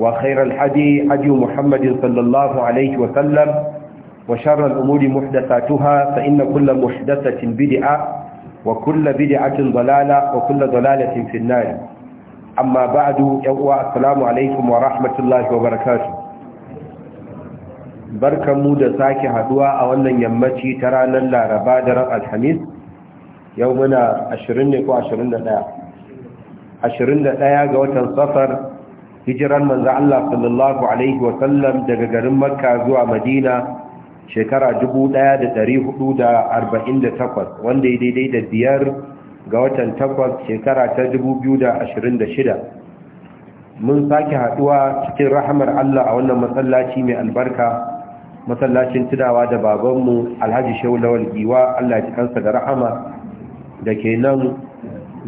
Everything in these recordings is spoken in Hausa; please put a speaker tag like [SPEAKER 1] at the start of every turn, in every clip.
[SPEAKER 1] وخير الحدي حدي محمد صلى الله عليه وسلم وشر الأمور محدثاتها فإن كل محدثة بدعة وكل بدعة ضلالة وكل ضلالة في النار أما بعد يوء السلام عليكم ورحمة الله وبركاته بركة مودة ساكي هدوى أولا يمتي ترانا لا ربادر الحميد يومنا عشرين وعشرين لا عشرين لا يا جوة صفر hijiran manza Allah sallallahu alaihi wa sallam daga garin Makka zuwa Madina shekara 1448 wanda ya daidai da biyar ga watan takwas shekara ta 2026 mun sake haduwa cikin rahamar Allah a wannan masallaci mai albarka masallacin tunawa da babanmu Alhaji Shehu Lawal Giwa Allah ya kansa da rahama da ke nan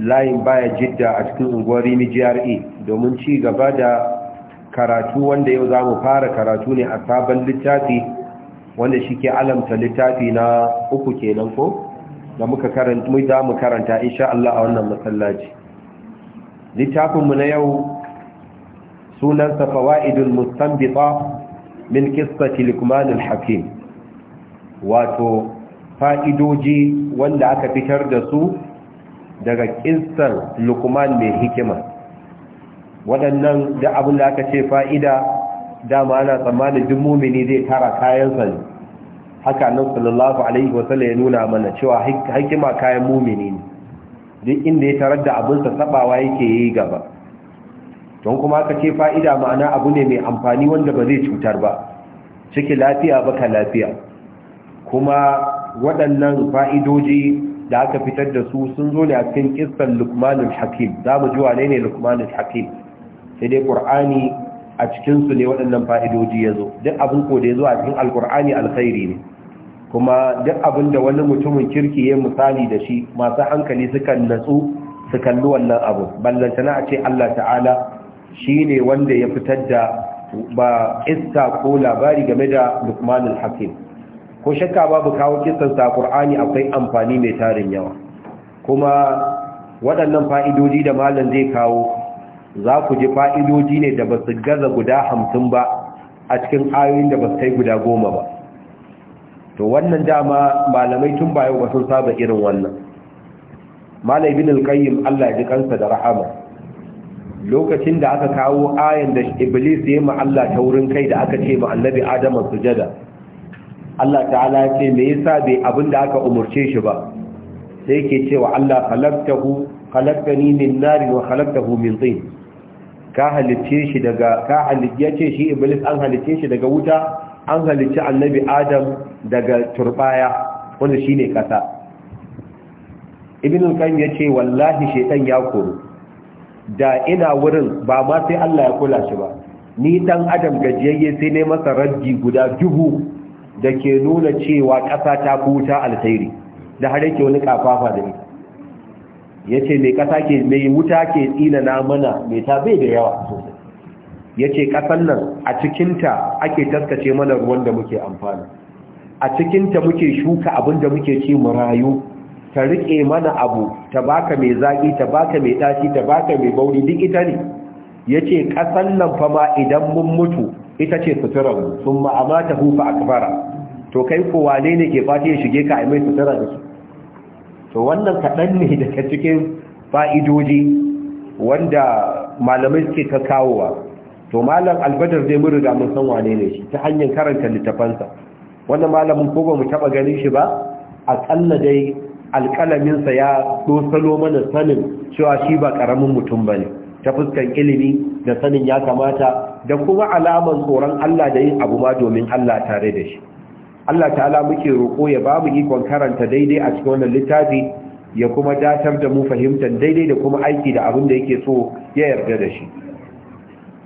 [SPEAKER 1] layin baya jidda a cikin unguwar rimi GRA domin ci gaba da karatu wanda yau za mu fara karatu ne a sabon littafi wanda shi ke alamta littafi na uku kenan ko da muka karanta mu za mu karanta insha Allah a wannan masallaci littafinmu na yau sunansa fawaidul mustanbita min kista luqman al-hakim wato fa'idoji wanda aka fitar da su daga kinsar lukman mai hikima waɗannan da abin da aka ce fa'ida dama ana tsammanin duk mumini zai tara kayansa ne haka nan sallallahu alaihi wasallam ya nuna mana cewa hikima kayan mumini ne duk inda ya tarar da abinsa sabawa yake yi gaba don kuma aka ce fa'ida ma'ana abu ne mai amfani wanda ba zai cutar ba ciki lafiya baka lafiya kuma waɗannan fa'idoji da aka fitar da su sun zo ne a cikin kissan al hakim za mu ji wane ne al hakim sai dai ƙur'ani a cikinsu ne waɗannan fa'idoji ya zo duk abin ko da ya zo a cikin alƙur'ani alkhairi ne kuma duk abin da wani mutumin kirki ya misali da shi masu hankali sukan natsu su kalli wannan abu na a ce allah ta'ala shi ne wanda ya fitar da ba iska ko labari game da lukmanul hakim ko shakka babu kawo kisan sa ƙur'ani akwai amfani mai tarin yawa kuma waɗannan fa'idoji da malam zai kawo za ku ji fa'idodi ne da ba su gaza guda hamsin ba a cikin ayoyin da ba su kai guda goma ba to wannan dama malamai tun bayan ba sun saba irin wannan malai bin qayyim allah ya ji kansa da rahama lokacin da aka kawo ayan da iblis ya yi ma allah ta wurin kai da aka ce ma annabi adama sujada Allah ta'ala ya ce me yasa bai abin da aka umurce shi ba sai yake cewa Allah khalaqtahu khalaqani min nar wa khalaqtahu min tin ka halice shi daga ka halice ce shi iblis an halice shi daga wuta an halice annabi adam daga turbaya wanda shine kasa ibnu kayyim ya yace wallahi shaytan ya koro da ina wurin ba ma sai Allah ya kula shi ba ni dan adam gajiyayye sai ne masa raddi guda dubu da ke nuna cewa ƙasa ta kuta alkhairi da har yake wani kafafa da ita, yace mai ƙasa ke mai wuta ke tsina na mana mai ta bai da yawa sosai yace ƙasan nan a cikinta ake taskace mana ruwan da muke amfani a cikinta muke shuka abin da muke ci mu rayu ta riƙe mana abu ta baka mai zaƙi ta baka mai tashi ta baka mai bauri duk ita ne ya ce ƙasan nan fama idan mun mutu ita ce suturan sun ma'amata hufa a kabara to kai ko wane ne ke fata ya shige ka a mai sutura da su to wannan kaɗan ne daga cikin fa'idoji wanda malamai suke kawowa to malam albadar zai mun riga mun san wane ne shi ta hanyar karanta littafansa wannan malamin ko ba mu taɓa ganin shi ba A ƙalla dai alƙalaminsa ya ɗosalo mana sanin cewa shi ba ƙaramin mutum ba ne ta fuskan ilimi da sanin ya kamata da kuma alamar tsoron Allah da yin abu ma domin Allah tare da shi Allah ta'ala muke roƙo ya mu ikon karanta daidai a cikin wannan littafi ya kuma datar da mu fahimtar daidai da kuma aiki da abin da yake so ya yarda da shi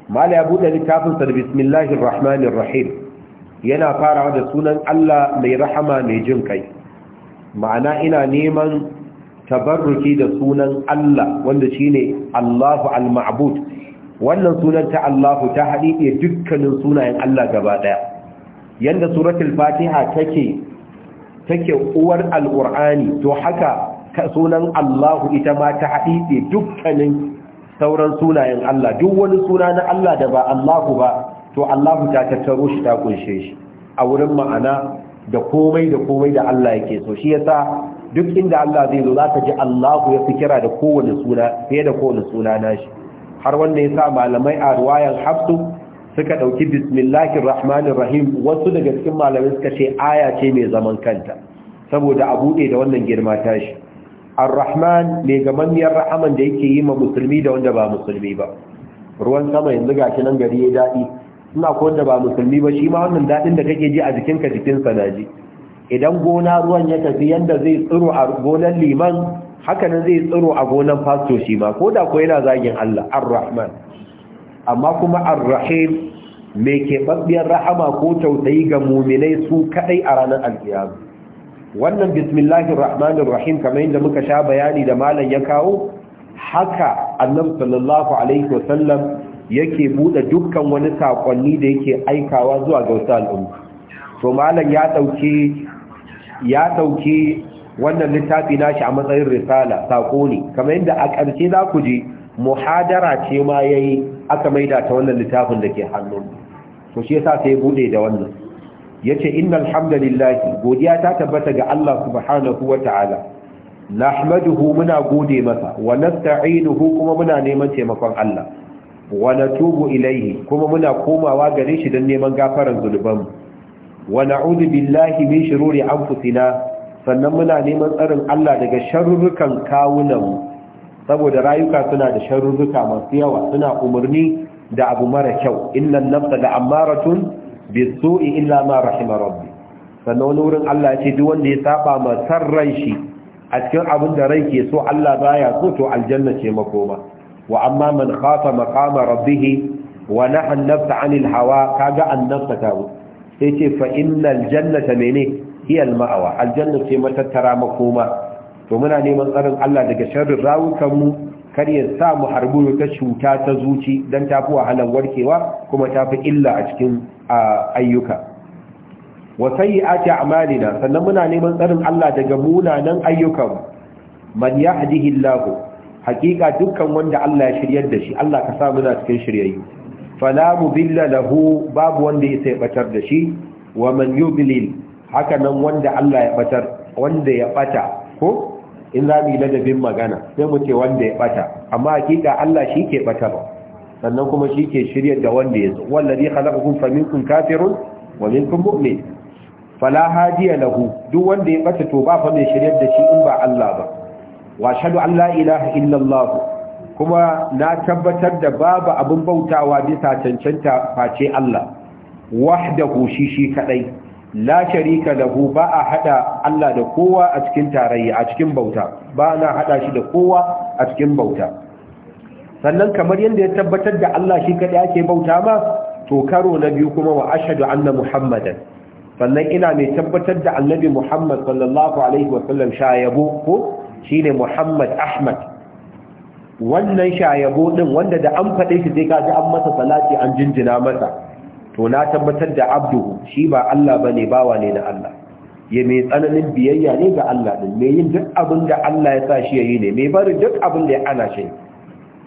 [SPEAKER 1] mala ya buɗe littafin sa bismillahir rahmanir rahim yana farawa da sunan Allah mai rahama mai jin kai ma'ana ina neman tabarruki da sunan Allah wanda shine Allahu al-ma'bud wannan sunan ta Allahu ta haɗiɗe dukkanin sunayen Allah gaba ɗaya yanda suratul fatiha take take uwar alqur'ani to haka sunan Allahu ita ma ta hadisi dukkanin sauran sunayen Allah duk wani suna na Allah da ba Allahu ba to Allahu ta tattaro shi ta kunshe shi a wurin ma'ana da komai da komai da Allah yake so shi yasa duk inda Allah zai zo zaka ji Allahu ya fi kira da kowane suna fiye da kowane suna nashi har wanda yasa malamai a ruwayan Hafsu suka ɗauki bismillahir rahmanir rahim wasu daga cikin malamai suka ce aya ce mai zaman kanta saboda a buɗe da wannan girma tashi ar-rahman mai gamammiyar rahaman da yake yi ma musulmi da wanda ba musulmi ba ruwan sama yanzu shi nan gari ya daɗi suna ko wanda ba musulmi ba shi ma wannan daɗin da kake ji a jikinka jikinsa na ji idan gona ruwan ya tafi yanda zai tsiro a gonar liman haka nan zai tsiro a gonar fasto shi ma ko da ko yana zagin Allah ar-Rahman amma kuma ar-rahim mai keɓaɓɓiyar rahama ko tausayi ga muminai su kaɗai a ranar alkiyama wannan bismillahir rahmanir rahim kamar yadda muka sha bayani da malam ya kawo
[SPEAKER 2] haka annabi sallallahu alaihi wasallam yake buɗe dukkan wani sakonni da yake aikawa zuwa ga wasu
[SPEAKER 1] al'umma to malam ya dauke ya dauke wannan littafi nashi a matsayin risala sako ne kamar yadda a ƙarshe za ku je? muhadara ce ma yayi aka maida ta wannan littafin da ke hannun to shi yasa sai bude da wannan yace innal hamdalillah godiya ta tabbata ga Allah subhanahu ta'ala nahmaduhu muna gode masa wa nasta'inuhu kuma muna neman taimakon Allah wa natubu ilaihi kuma muna komawa gare shi don neman gafaran zunubanmu wa na'udhu billahi min shururi anfusina sannan muna neman tsarin Allah daga sharrukan kawunanmu saboda rayuka suna da sharurruka masu yawa suna umarni da abu mara kyau innan nafsa da amaratun bi su'i illa ma rahima rabbi sannan wani wurin Allah ya ce duk wanda ya saba ma sarran shi a cikin abin da rai ke so Allah baya so to aljanna ce makoma wa amma man khafa maqama rabbih wa naha an-nafsa 'anil hawa kaga an-nafsa ta sai ce fa innal jannata mene hiya al-ma'wa aljanna ce matattara makoma to muna neman tsarin Allah daga sharrin rawukanmu kar ya sa mu harbu ta cuta ta zuci don ta fi wahalar warkewa kuma ta fi illa a cikin ayyuka wa sayyi'ati a'malina sannan muna neman tsarin Allah daga munanan ayyukan man yahdihi Allah Hakika dukkan wanda Allah ya shiryar da shi Allah ka sa muna cikin shiryayyu fala mudilla lahu babu wanda ya batar da shi wa man yudlil haka nan wanda Allah ya batar wanda ya bata ko in za mu yi ladabin magana sai mu ce wanda ya bata amma hakika Allah shi ke bata ba sannan kuma shi ke shirya da wanda ya zo wallazi khalaqakum faminkum kafirun wa minkum mu'min fala hadiya lahu duk wanda ya bata to ba fa mai shirya da shi in ba Allah ba wa shahadu an la ilaha illallah kuma na tabbatar da babu abin bautawa bisa cancanta face Allah wahdahu shi shi kadai la sharika lahu ba a haɗa Allah da kowa a cikin tarayya a cikin bauta ba na hada shi da kowa a cikin bauta sannan kamar yadda ya tabbatar da Allah shi kadai ake bauta ma to karo na biyu kuma wa ashhadu anna muhammadan sannan ina mai tabbatar da annabi muhammad sallallahu alaihi wa sallam shayabo ko shine muhammad ahmad wannan shayabo din wanda da an fade shi sai ka ji an masa salati an jinjina masa to na tabbatar da Abduhu shi ba Allah bane bawa ne na Allah ya mai tsananin biyayya ne ga Allah din mai yin duk abin da Allah ya sa shi yayi ne mai bari duk abin da ya ana shi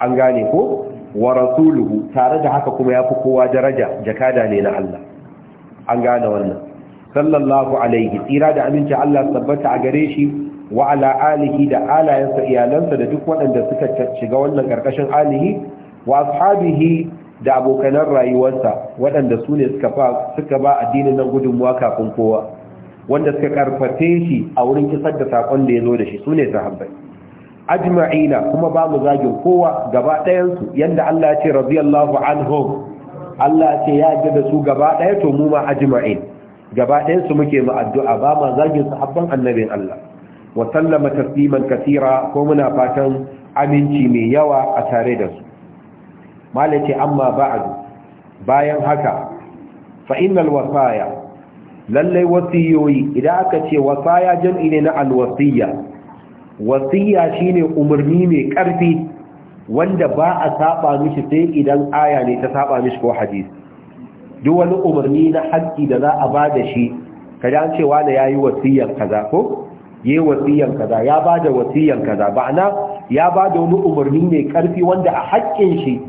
[SPEAKER 1] an gane ko wa rasuluhu tare da haka kuma yafi kowa daraja jakada ne na Allah an gane wannan sallallahu alaihi tsira da aminci Allah tabbata a gare shi wa ala alihi da alayansa iyalansa da duk waɗanda suka shiga wannan karkashin alihi wa ashabihi da abokanan rayuwarsa waɗanda su ne suka ba addinin nan gudunmuwa kafin kowa wanda suka karfafe shi a wurin kisar da saƙon da ya zo da shi su ne sahabbai ajma'ina kuma ba mu zagin kowa gaba ɗayansu yadda Allah ce radiyallahu anhum Allah ce ya ji da su gaba ɗaya to mu ma ajma'in gaba ɗayansu muke mu addu'a ba ma zagin sahabban annabin Allah wa sallama tasliman kasira ko muna fatan aminci mai yawa a tare da su malace amma ba, bayan haka fa innal wasaya lallai wasiyoyi idan aka ce wasaya jam'i ne na alwasiya wasiya shine umarni mai karfi wanda ba a saba mishi sai idan aya ne ta saba mishi ko hadisi duk wani umarni na haƙƙi da za a ba da shi kaza an ce ya yayi wasiyar kaza ko yi wasiyar kaza ya ba da wasiyar kaza ba'ana ya ba da wani umarni mai karfi wanda a haƙƙin shi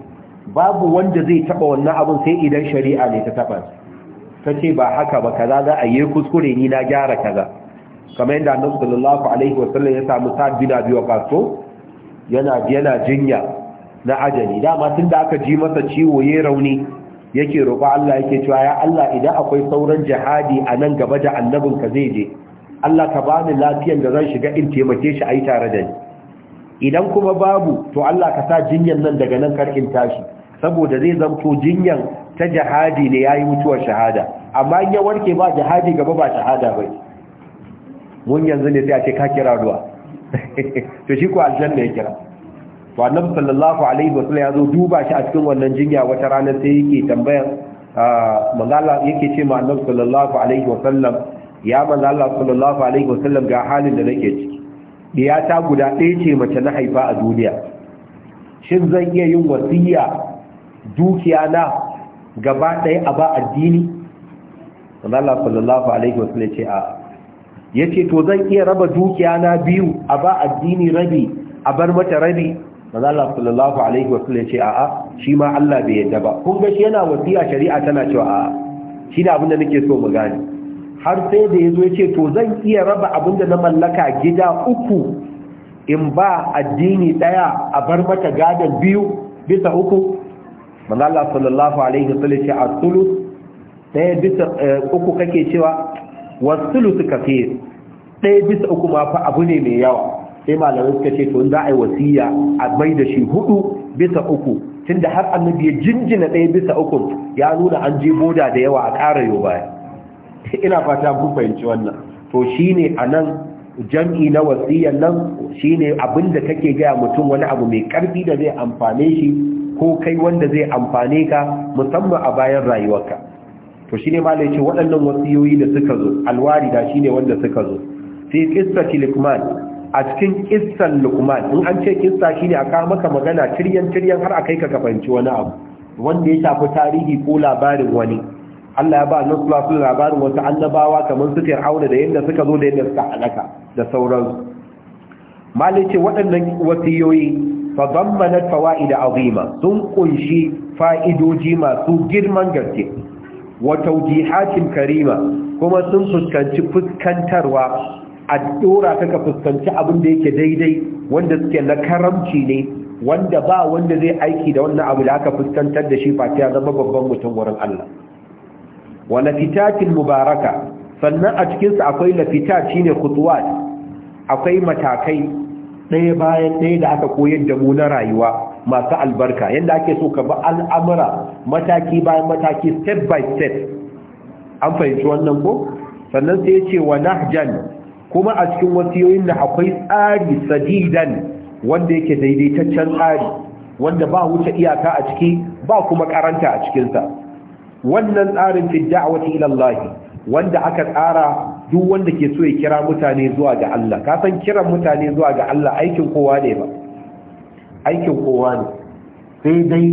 [SPEAKER 1] babu wanda zai taba wannan abin sai idan shari'a ne ta taba ta ce ba haka ba kaza za a yi kuskure ni na gyara kaza kamar yadda annabi sallallahu alaihi wasallam ya samu sa bina biyo kaso yana yana jinya na ajali dama tun da aka ji masa ciwo yayi rauni yake roƙo Allah yake cewa ya Allah idan akwai sauran jihadi a nan gaba da annabin ka zai je Allah ka bani lafiyar da zan shiga in taimake shi a yi tare da ni idan kuma babu to Allah ka sa jinyan nan daga nan karkin tashi saboda zai zamto jinyan ta jihadi ne yayi mutuwar shahada amma in ya warke ba jihadi gaba ba shahada bai mun yanzu ne sai a ce ka kira ruwa to shi ko aljanna ya kira to annabi sallallahu alaihi wasallam ya zo duba shi a cikin wannan jinya wata rana sai yake tambayar manzala yake ce ma annabi sallallahu alaihi wasallam ya manzala sallallahu alaihi wasallam ga halin da nake ciki diyata guda ɗaya ce mace na haifa a duniya shin zan iya yin wasiya dukiya na gaba ɗaya a ba addini Allah sallallahu alaihi wasu ce a ce to zan iya raba dukiya na biyu a ba addini rabi a bar mata rabi manzo Allah sallallahu alaihi wasu ce a a shi ma Allah bai yadda ba kun ga shi yana a shari'a tana cewa a shi da abinda nake so mu gane har sai da ya ce to zan iya raba abinda na mallaka gida uku in ba addini ɗaya a bar mata gadon biyu bisa uku manzo Allah sallallahu alaihi wasallam ce as-sulus daya bisa eh, uku kake cewa was-sulus kafir daya bisa uku ma fa abu ne mai yawa sai malamai suka ce to in za a yi wasiya a mai da shi hudu bisa uku tunda har annabi ya jinjina daya bisa uku ya nuna an je boda da yawa a kara yau baya ina fata kun fahimci wannan to shine anan jam'i na wasiyan nan shine da kake gaya mutum wani abu mai karfi da zai amfane shi ko kai wanda zai amfane ka musamman a bayan rayuwarka to shine malai ce waɗannan wasiyoyi da suka zo alwari alwarida shine wanda suka zo fi qissati tilikman a cikin ƙissan lukman in an ce ne shine kawo maka magana tiryan tiryan har akai ka kafanci wani abu wanda ya shafi tarihi ko labarin wani Allah ya ba nan su alaihi labarin wasu annabawa kamar su Fir'auna da yadda suka zo da yadda suka halaka da sauransu malai ce waɗannan wasiyoyi fadammanat fawaid azima sun ƙunshi fa'idoji masu girman gaske wa tawjihatin karima kuma sun fuskanci fuskantarwa a dora ka fuskanci abin da yake daidai wanda suke na karamci ne wanda ba wanda zai aiki da wannan abu da aka fuskantar da shi fatiya na babban mutum wurin Allah wa lafitatin mubaraka sannan a cikinsu akwai lafitat shine khutuwat akwai matakai ɗaya bayan ɗaya da aka koyar da mu na rayuwa masu albarka yadda ake so ka ba al'amura mataki bayan mataki step by step an fahimci wannan ko sannan sai ce wa nahjan kuma a cikin wasiyoyin da akwai tsari sadidan wanda yake daidaitaccen tsari wanda ba wuce iyaka a ciki ba kuma karanta a cikinsa wannan tsarin fi a ila Allah wanda aka tsara duk wanda ke so ya kira mutane zuwa ga Allah ka san kiran mutane zuwa ga Allah aikin kowa ne ba aikin kowa ne sai dai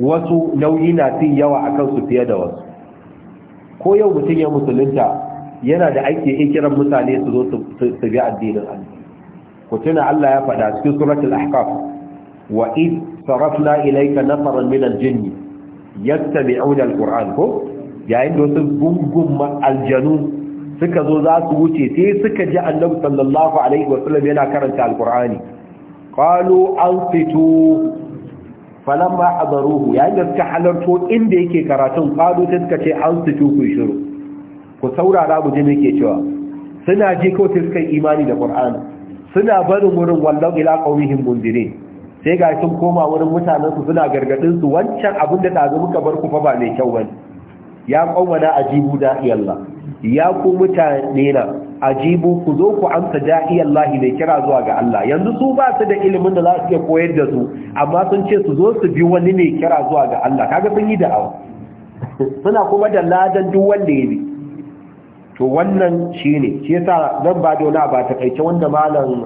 [SPEAKER 1] wasu nauyi na fi yawa akan su fiye da wasu ko yau mutum ya musulunta yana da aiki ya kiran mutane su zo su bi addinin Allah ku tuna Allah ya faɗa cikin suratul ahqaf wa id sarafna ilayka nafaran min al-jinn yattabi'una al-qur'an ko yayin da wasu gungun aljanu suka zo za su wuce sai suka ji annabi sallallahu alaihi wasallam yana karanta alqur'ani qalu anfitu falamma hadaruhu yayin da suka halarto inda yake karatun qalu sai suka ce anfitu ku shiru ku saurara mu je me yake cewa suna ji ko sai suka imani da qur'ani suna barin wurin wallau ila qaumihim mundirin sai ga sun koma wurin mutanen su suna gargadin su wancan abin da dazu muka bar ku fa ba mai kyau bane ya a ajibu da'iyar Allah ya ku mutane na ajibu ku zo ku amsa da'iyar Allah ne kira zuwa ga Allah yanzu su ba su da ilimin da za su iya koyar da su amma sun ce su zo su bi wani ne kira zuwa ga Allah kaga sun yi da'awa suna kuma da ladan duk wanda ya bi to wannan shine shi yasa zan ba da wani ba ta kaice wanda malam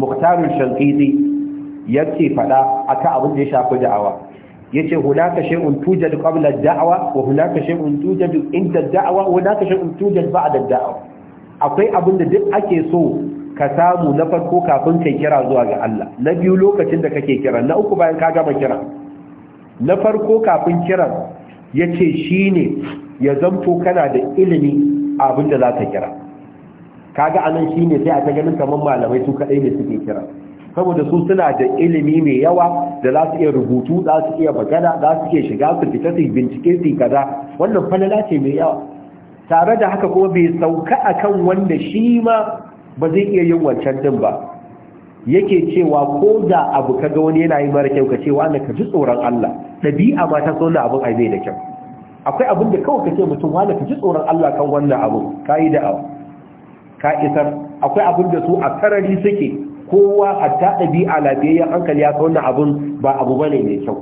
[SPEAKER 1] ya Shankiti yake fada akan abin da ya shafi da'awa yace hunaka shay'un tujad qabla ad-da'wa wa hunaka shay'un tujad inda ad-da'wa wa hunaka shay'un tujad ba'da ad-da'wa akwai abin da duk ake so ka samu na farko kafin kai kira zuwa ga Allah na biyu lokacin da kake kira na uku bayan ka gama kira na farko kafin kiran yace shine ya zanto kana da ilimi abin da za ka kira kaga anan shine sai a ta ganin kamar malamai su kadai ne suke kira saboda su suna da ilimi mai yawa da za su iya rubutu za su iya magana za su iya shiga su fita su bincike su kaza wannan falala ce mai yawa tare da haka kuma bai sauka akan wanda shi ma ba zai iya yin wancan din ba yake cewa ko da abu kaga wani yana yi mara kyau ka ce wani ka ji tsoron Allah ɗabi'a ma ta abin ai da kyau akwai abin da kawai ka ce mutum wani ka ji tsoron Allah kan wannan abu ka yi da ka isar akwai abin da su a karari suke kowa hatta ɗabi'a lafiyayyen hankali ya sa wannan abun ba abu bane mai kyau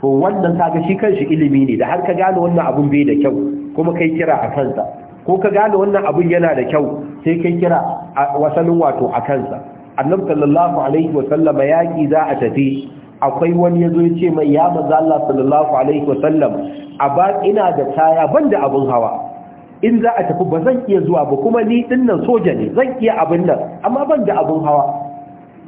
[SPEAKER 1] to wannan kaga shi kanshi ilimi ne da har ka gane wannan abun bai da kyau kuma kai kira a kansa ko ka gane wannan abun yana da kyau sai kai kira wasanin wato a kansa annabi sallallahu alaihi wa sallam yaki za a tafi akwai wani yazo ya ce mai ya manzo Allah sallallahu alaihi wa sallam a ba ina da kaya banda abun hawa in za a tafi ba zan iya zuwa ba kuma ni dinnan soja ne zan iya abin nan amma ban da abin hawa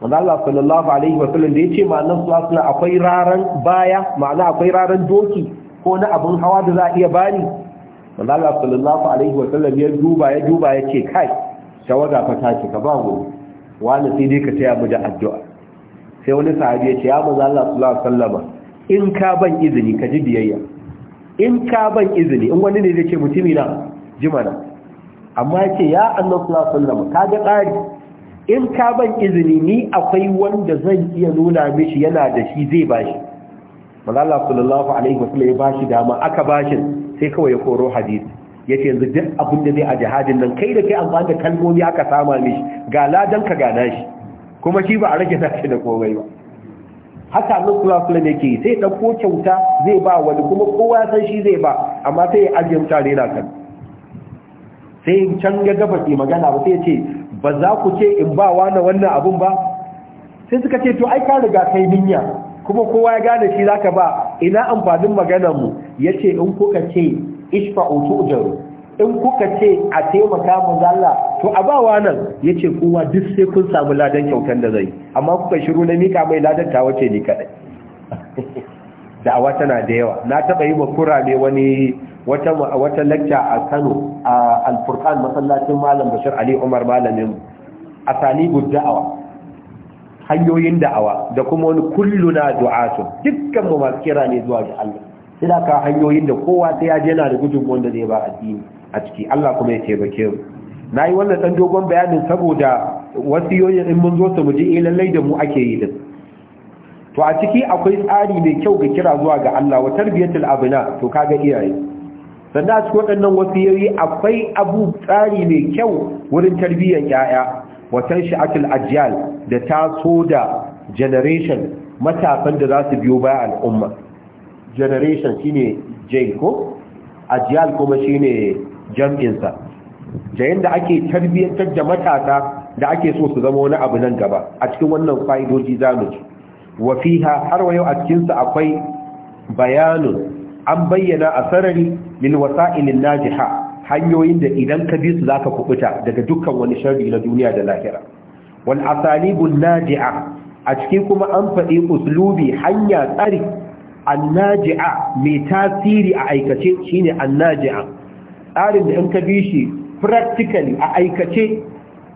[SPEAKER 1] manzo Allah sallallahu alaihi wa sallam da yace ma'anar sallallahu akwai raran baya ma'ana akwai raran doki ko na abin hawa da za a iya bani manzo Allah sallallahu alaihi wa sallam ya duba ya duba yace kai shawaga fa ta ce ka ba mu wani sai dai ka taya mu da addu'a sai wani sahabi ya ce ya manzo Allah sallallahu alaihi wa sallam in ka ban izini ka ji biyayya in ka ban izini in wani ne zai ce mutumi na jimana amma ya ce ya annan sulasullam ka ga tsari in ka ban izini ni akwai wanda zan iya nuna mishi yana da shi zai bashi malala sallallahu alaihi wasallam ya bashi dama aka bashin sai kawai ya koro hadisi yace yanzu duk abin da zai a jihadin nan kai da kai an da kalmomi aka sama mishi ga ladan ka gana shi kuma shi ba a rage tashi da komai ba haka annabi sallallahu alaihi wasallam yake sai dauko kyauta zai ba wani kuma kowa san shi zai ba amma sai ya ajiye mutane na kan sai can ya gaba ke magana ba sai ce ba za ku ce in ba wani wannan abun ba sai suka ce to ai ka riga kai minya kuma kowa ya gane shi zaka ba ina amfanin maganar mu yace in kuka ce utu jaru in kuka ce a taimaka mu zalla to a ba wannan yace kowa duk sai kun samu ladan kyautar da zai amma kuka shiru na mika mai ladan ta wace ni kadai da'awa tana da yawa na taba yi makura ne wani wata wata lecture a Kano a alfurkan masallacin malam bashir ali umar malamin a da'awa hanyoyin da'awa da kuma wani kulluna du'atu dukkan mu masu kira ne zuwa ga Allah sai da ka hanyoyin da kowa sai ya je yana da gudun wanda zai ba addini a ciki Allah kuma ya taimake mu na wannan ɗan dogon bayanin saboda wasiyoyin in mun zo su mu eh lallai da mu ake yi din to a ciki akwai tsari mai kyau ga kira zuwa ga Allah wa tarbiyatul abna to kaga iyaye sannan a cikin waɗannan wasiyoyi akwai abu tsari mai kyau wurin tarbiyyar yaya watan sha'atul ajiyal da taso da generation matasan da za su biyo baya al'umma generation shine jail ko ajiyal kuma shine jam'insa jayin da ake tarbiyyantar da matasa da ake so su zama wani abu nan gaba a cikin wannan fa'idoji zamu ci wa har wa yau a cikin akwai bayanin. an bayyana a sarari lil wasa'ilin najiha hanyoyin da idan ka bi su zaka kubuta daga dukkan wani sharri na duniya da lahira wal asalibun naji'a a cikin kuma an faɗi uslubi hanya tsari annaji'a mai tasiri a aikace shine annaji'a tsarin da in ka bi shi practically a aikace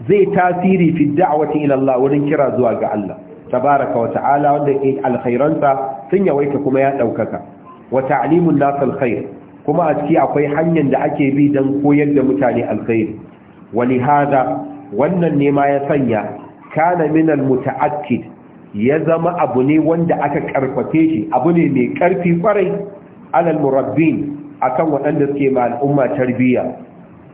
[SPEAKER 1] zai tasiri fi da'wati ila Allah wurin kira zuwa ga Allah tabaraka wa ta'ala wanda alkhairansa sun yawaita kuma ya daukaka wata alimun nas alkhair kuma a ciki akwai hanyar da ake bi dan koyar da mutane alkhairi wani hada wannan ne ma ya sanya kana min ya zama abu ne wanda aka karfafe shi abu ne mai karfi kwarai alal murabbin akan waɗanda suke ma al'umma tarbiyya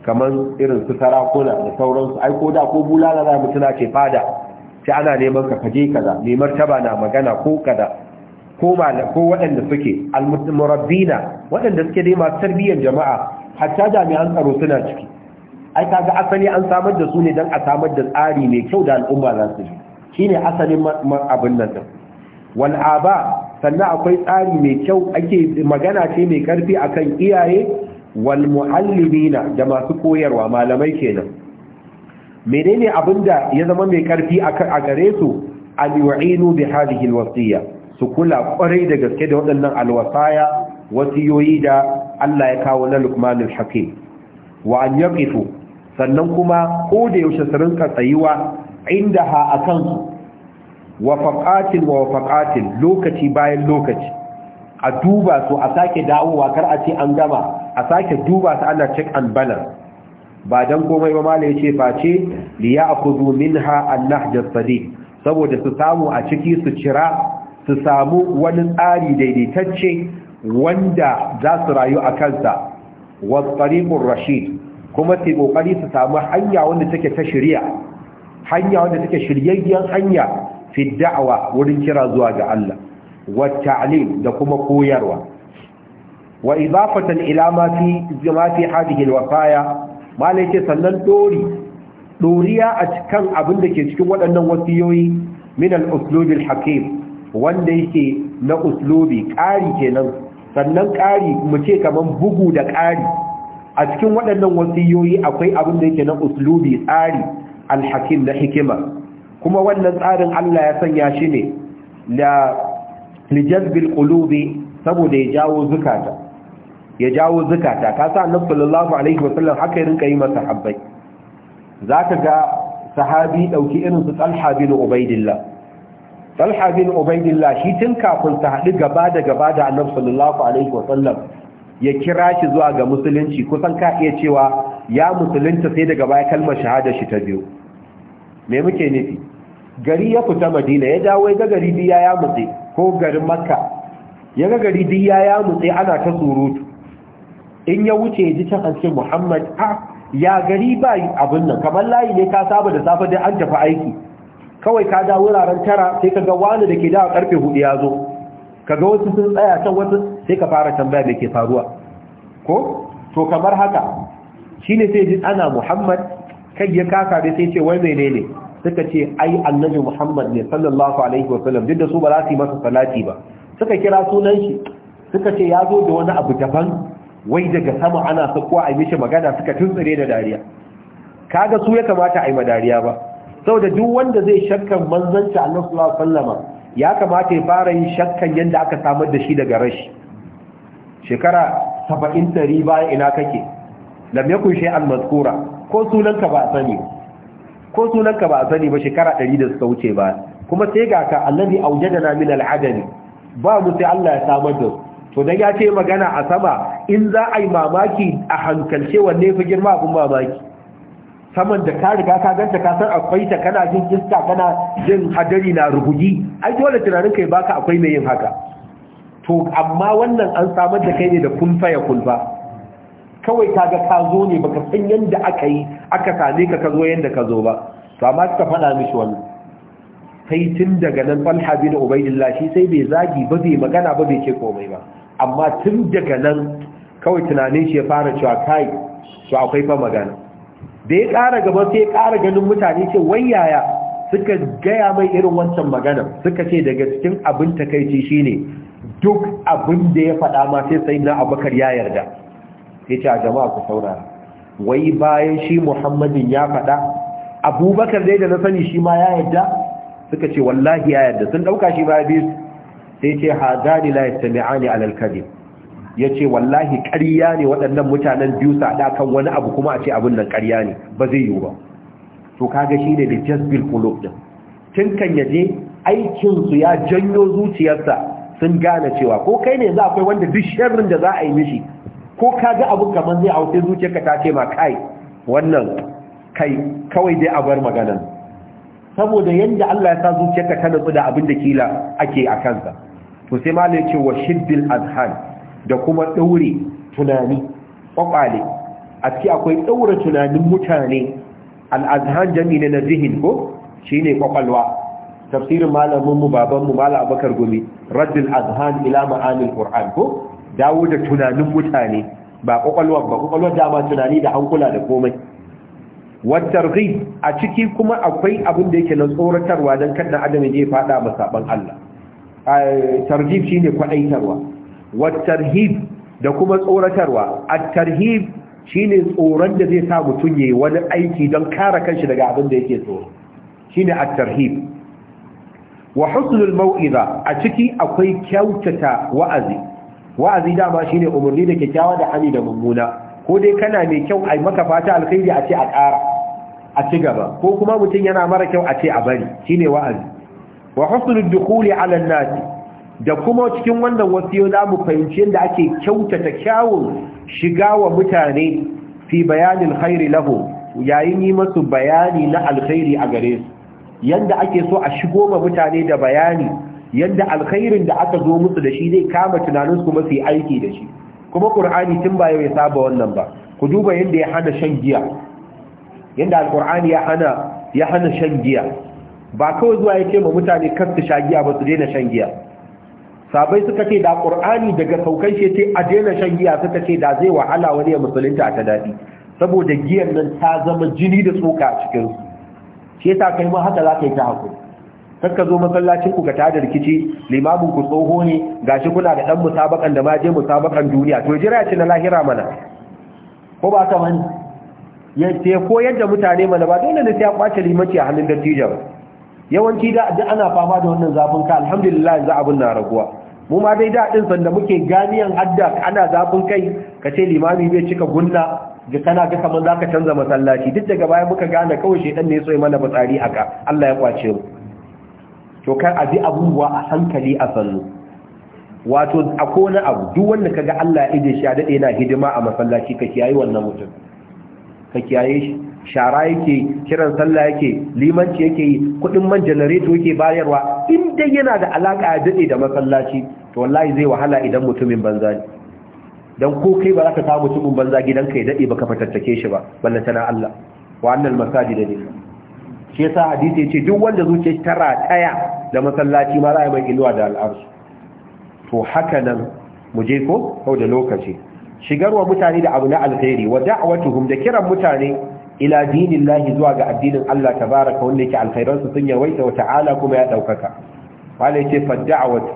[SPEAKER 1] kamar irin su sarakuna da sauransu ai ko da ko bulala za mu tuna ce fada sai ana neman ka kaje kaza mai martaba na magana ko kaza ko ko waɗanda suke almurabbina waɗanda suke dai masu tarbiyyar jama'a hatta jami'an tsaro suna ciki ai kaga asali an samar da su ne don a samar da tsari mai kyau da al'umma za su ji shine asalin abin nan din wal aba sannan akwai tsari mai kyau ake magana ce mai karfi akan iyaye wal muallimina da masu koyarwa malamai kenan menene abinda ya zama mai karfi a gare su al yu'inu bi hadhihi al wasiyya su kula kwarai da gaske da waɗannan alwasaya wasiyoyi da Allah ya kawo na lukmanin Hakim wa an yaqifu sannan kuma ko da yaushe su rinka tsayuwa a kan su wa wa faqatin lokaci bayan lokaci a duba su a sake dawowa kar a ce an gama a sake duba su ana check and balance ba don komai ba ya ce face liya a minha an ha as-sadiq saboda su samu a ciki su cira su samu wani tsari daidaitacce wanda za su rayu a kansa wasariƙun rashid kuma su ƙoƙari su samu hanya wanda take ta shirya hanya wanda take shiryayyen hanya fi da'awa wurin kira zuwa ga Allah wa ta'lim da kuma koyarwa wa idafatan ila ma fi ma hadhihi alwasaya sannan dori doriya a cikin abin da ke cikin waɗannan wasiyoyi min al-uslub al-hakim wanda yake na uslubi ƙari kenan sannan ƙari mu ce kaman bugu da ƙari a cikin waɗannan wasiyoyi akwai abin da yake na uslubi tsari alhakim na hikima kuma wannan tsarin Allah ya sanya shi ne da lijazbil qulubi saboda ya jawo zukata ya jawo zukata ka sa annabi sallallahu alaihi wasallam haka ya rinka yi masa habbai zaka ga sahabi dauki irin su Talha bin Ubaidillah talha bin ubaidillah shi tun kafin ta haɗu gaba da gaba da annabi sallallahu alaihi wasallam ya kira shi zuwa ga musulunci kusan ka iya cewa ya musulunta sai daga baya kalmar shahada shi ta biyu me muke nufi gari ya fita madina ya dawo ya ga gari diya ya mutse ko garin makka ya ga gari diya ya mutse ana ta surutu in ya wuce ya ji ta an muhammad Ah ya gari ba abin nan kamar layi ne ka saba da safe dai an tafi aiki kawai ka da wuraren tara sai ka ga wani da ke da karfe hudu ya zo ka ga wasu sun tsaya can wasu sai ka fara tambaya da ke faruwa ko to kamar haka shine sai ji ana muhammad kai ya kasa da sai ce wai menene suka ce ai annabi muhammad ne sallallahu alaihi wa sallam duk da su ba za su yi masa salati ba suka kira sunan shi suka ce ya zo da wani abu daban wai daga sama ana sakuwa a mishi magana suka tuntsire da dariya kaga su ya kamata a yi ma dariya ba saboda duk wanda zai shakkan manzanci Allah sallallahu alaihi ya kamata ya fara yin shakkan yadda aka samar da shi daga rashi shekara saba'in dari bayan ina kake lam kunshe an mazkura ko sunanka ba sani ko sunanka ba sani ba shekara ɗari da suka wuce ba kuma sai ga ka annabi na min al'adari ba mu sai Allah ya samar da to dan ya ce magana a sama in za a yi mamaki a hankalce wanne fi girma abin mamaki saman da ka riga ka ganta ka san akwai ta kana jin iska kana jin hadari na rugugi ai dole tunanin kai baka akwai mai yin haka to amma wannan an samar da kai ne da kulfa ya kulfa kawai kaga ka zo ne baka san yanda aka yi aka same ka ka zo yanda ka zo ba to amma suka faɗa mishi wannan sai tun daga nan falha bin Ubaydillah shi sai bai zagi ba bai magana ba bai ce komai ba amma tun daga nan kawai tunanin shi ya fara cewa kai to akwai fa magana da ya ƙara gaba sai ya ƙara ganin mutane ce wai yaya suka gaya mai irin wancan magana suka ce daga cikin abin takaici shine duk abin da ya faɗa ma sai sai na abakar ya yarda ya ce a jama'a ku saurara wai bayan shi muhammadin ya faɗa abubakar dai da na sani shi ma ya yarda suka ce wallahi ya yarda sun ɗauka shi ba biyu sai ce hadani la yastami'ani alal kadhib ya ce wallahi ƙarya ne waɗannan mutanen biyu saɗa kan wani abu kuma a ce abin nan ƙarya ne ba zai yiwu ba to kaga shi ne da jasbil kulub tun kan ya je aikinsu ya janyo zuciyarsa sun gane cewa ko kai ne za akwai wanda duk sharrin da za a yi mishi ko ka ga abu kamar zai auce zuciyarka ta ce ma kai wannan kai kawai dai a bar magana. saboda yadda Allah ya sa zuciyarka ta nutsu da abin da kila ake a kansa to sai malai ce wa shiddil azhan da kuma ɗaure tunani ƙwaƙwale a ciki akwai ɗaure tunanin mutane al'azhan jami na zihin ko shi ne ƙwaƙwalwa tafsirin malaminmu babanmu mala abakar gumi raddin azhan ila amin ƙur'an ko dawo da tunanin mutane ba ƙwaƙwalwa ba ƙwaƙwalwa dama tunani da hankula da komai wattar a ciki kuma akwai abin da yake na tsoratarwa don kan adam ya faɗa allah eh, tarjif shine kwaɗaitarwa watarhib da kuma tsoratarwa at-tarhib shine tsoron da zai sa ya yi wani aiki don kare kanshi daga abin da yake tsoro ne at-tarhib wa husnul mau'iza a ciki akwai kyautata wa'azi wa'azi dama shine umurni da kyakkyawa da hani da mummuna ko dai kana mai kyau a maka fata alkhairi a ce a ƙara a ci gaba ko kuma mutum yana mara kyau a ce a bari ne wa'azi wa husnul dukhuli 'ala an da kuma cikin wannan wasiyo za mu fahimci yadda ake kyautata kyawun shiga wa mutane fi bayanin khairi lahu yayin yi masu bayani na alkhairi a gare su yadda ake so a shigo ma mutane da bayani yadda alkhairin da aka zo musu da shi zai kama tunaninsu kuma su yi aiki da shi kuma ƙur'ani tun ba ya saba wannan ba ku duba yadda ya hana shan giya yadda alƙur'ani ya hana ya hana shan giya ba kawai zuwa ya ce ma mutane kar su sha giya ba su daina shan giya sabai suka ce da ƙur'ani daga saukan shi ce a daina shan giya suka ce da zai wahala wani ya musulunta a ta daɗi saboda giyan nan ta zama jini da tsoka a cikin su shi yasa kai ma haka za ka yi ta haku ka zo masallacin ku ka tada rikici limamin ku tsoho ne gashi kuna da dan musabakan da ma je musabakan duniya to jira ci na lahira mana ko ba ta mani ya ce ko yadda mutane mana ba dole ne sai ya kwace limanci a hannun dattijo yawanci da ana fama da wannan zafin ka alhamdulillah yanzu abun na raguwa mu ma dai daɗin sanda muke ganiyan hadda ana zafin kai ka ce limami bai cika gunna da kana ga kamar za ka canza masallaci duk daga baya muka gane kawai ɗan ne so yi mana fitsari aka. Allah ya kwace mu to kar a bi abubuwa a hankali a sannu wato a kona abu duk wanda kaga Allah ya ije shi a dade yana hidima a masallaci ka kiyaye wannan mutum ka kiyaye shi shara yake kiran sallah yake limanci yake yi kudin man janareto yake bayarwa in dai yana da alaka ya dade da masallaci to wallahi zai wahala idan mutumin banza ne dan ko kai ba za ka samu mutumin banza gidanka ya dade ka fatattake shi ba balla tana Allah wa annal masajid dinka shi yasa hadisi yace duk wanda zuciyarsa tara, rataya da masallaci ma za a mai inuwa da al'arsu to haka nan mu je ko kau da lokaci shigarwa mutane da abu na alkhairi wa da'awatuhum da kiran mutane ila dinillahi zuwa ga addinin Allah baraka wanda yake alkhairan su sun yawaita wa ta'ala kuma ya daukaka wala yace fadda'awat da'wat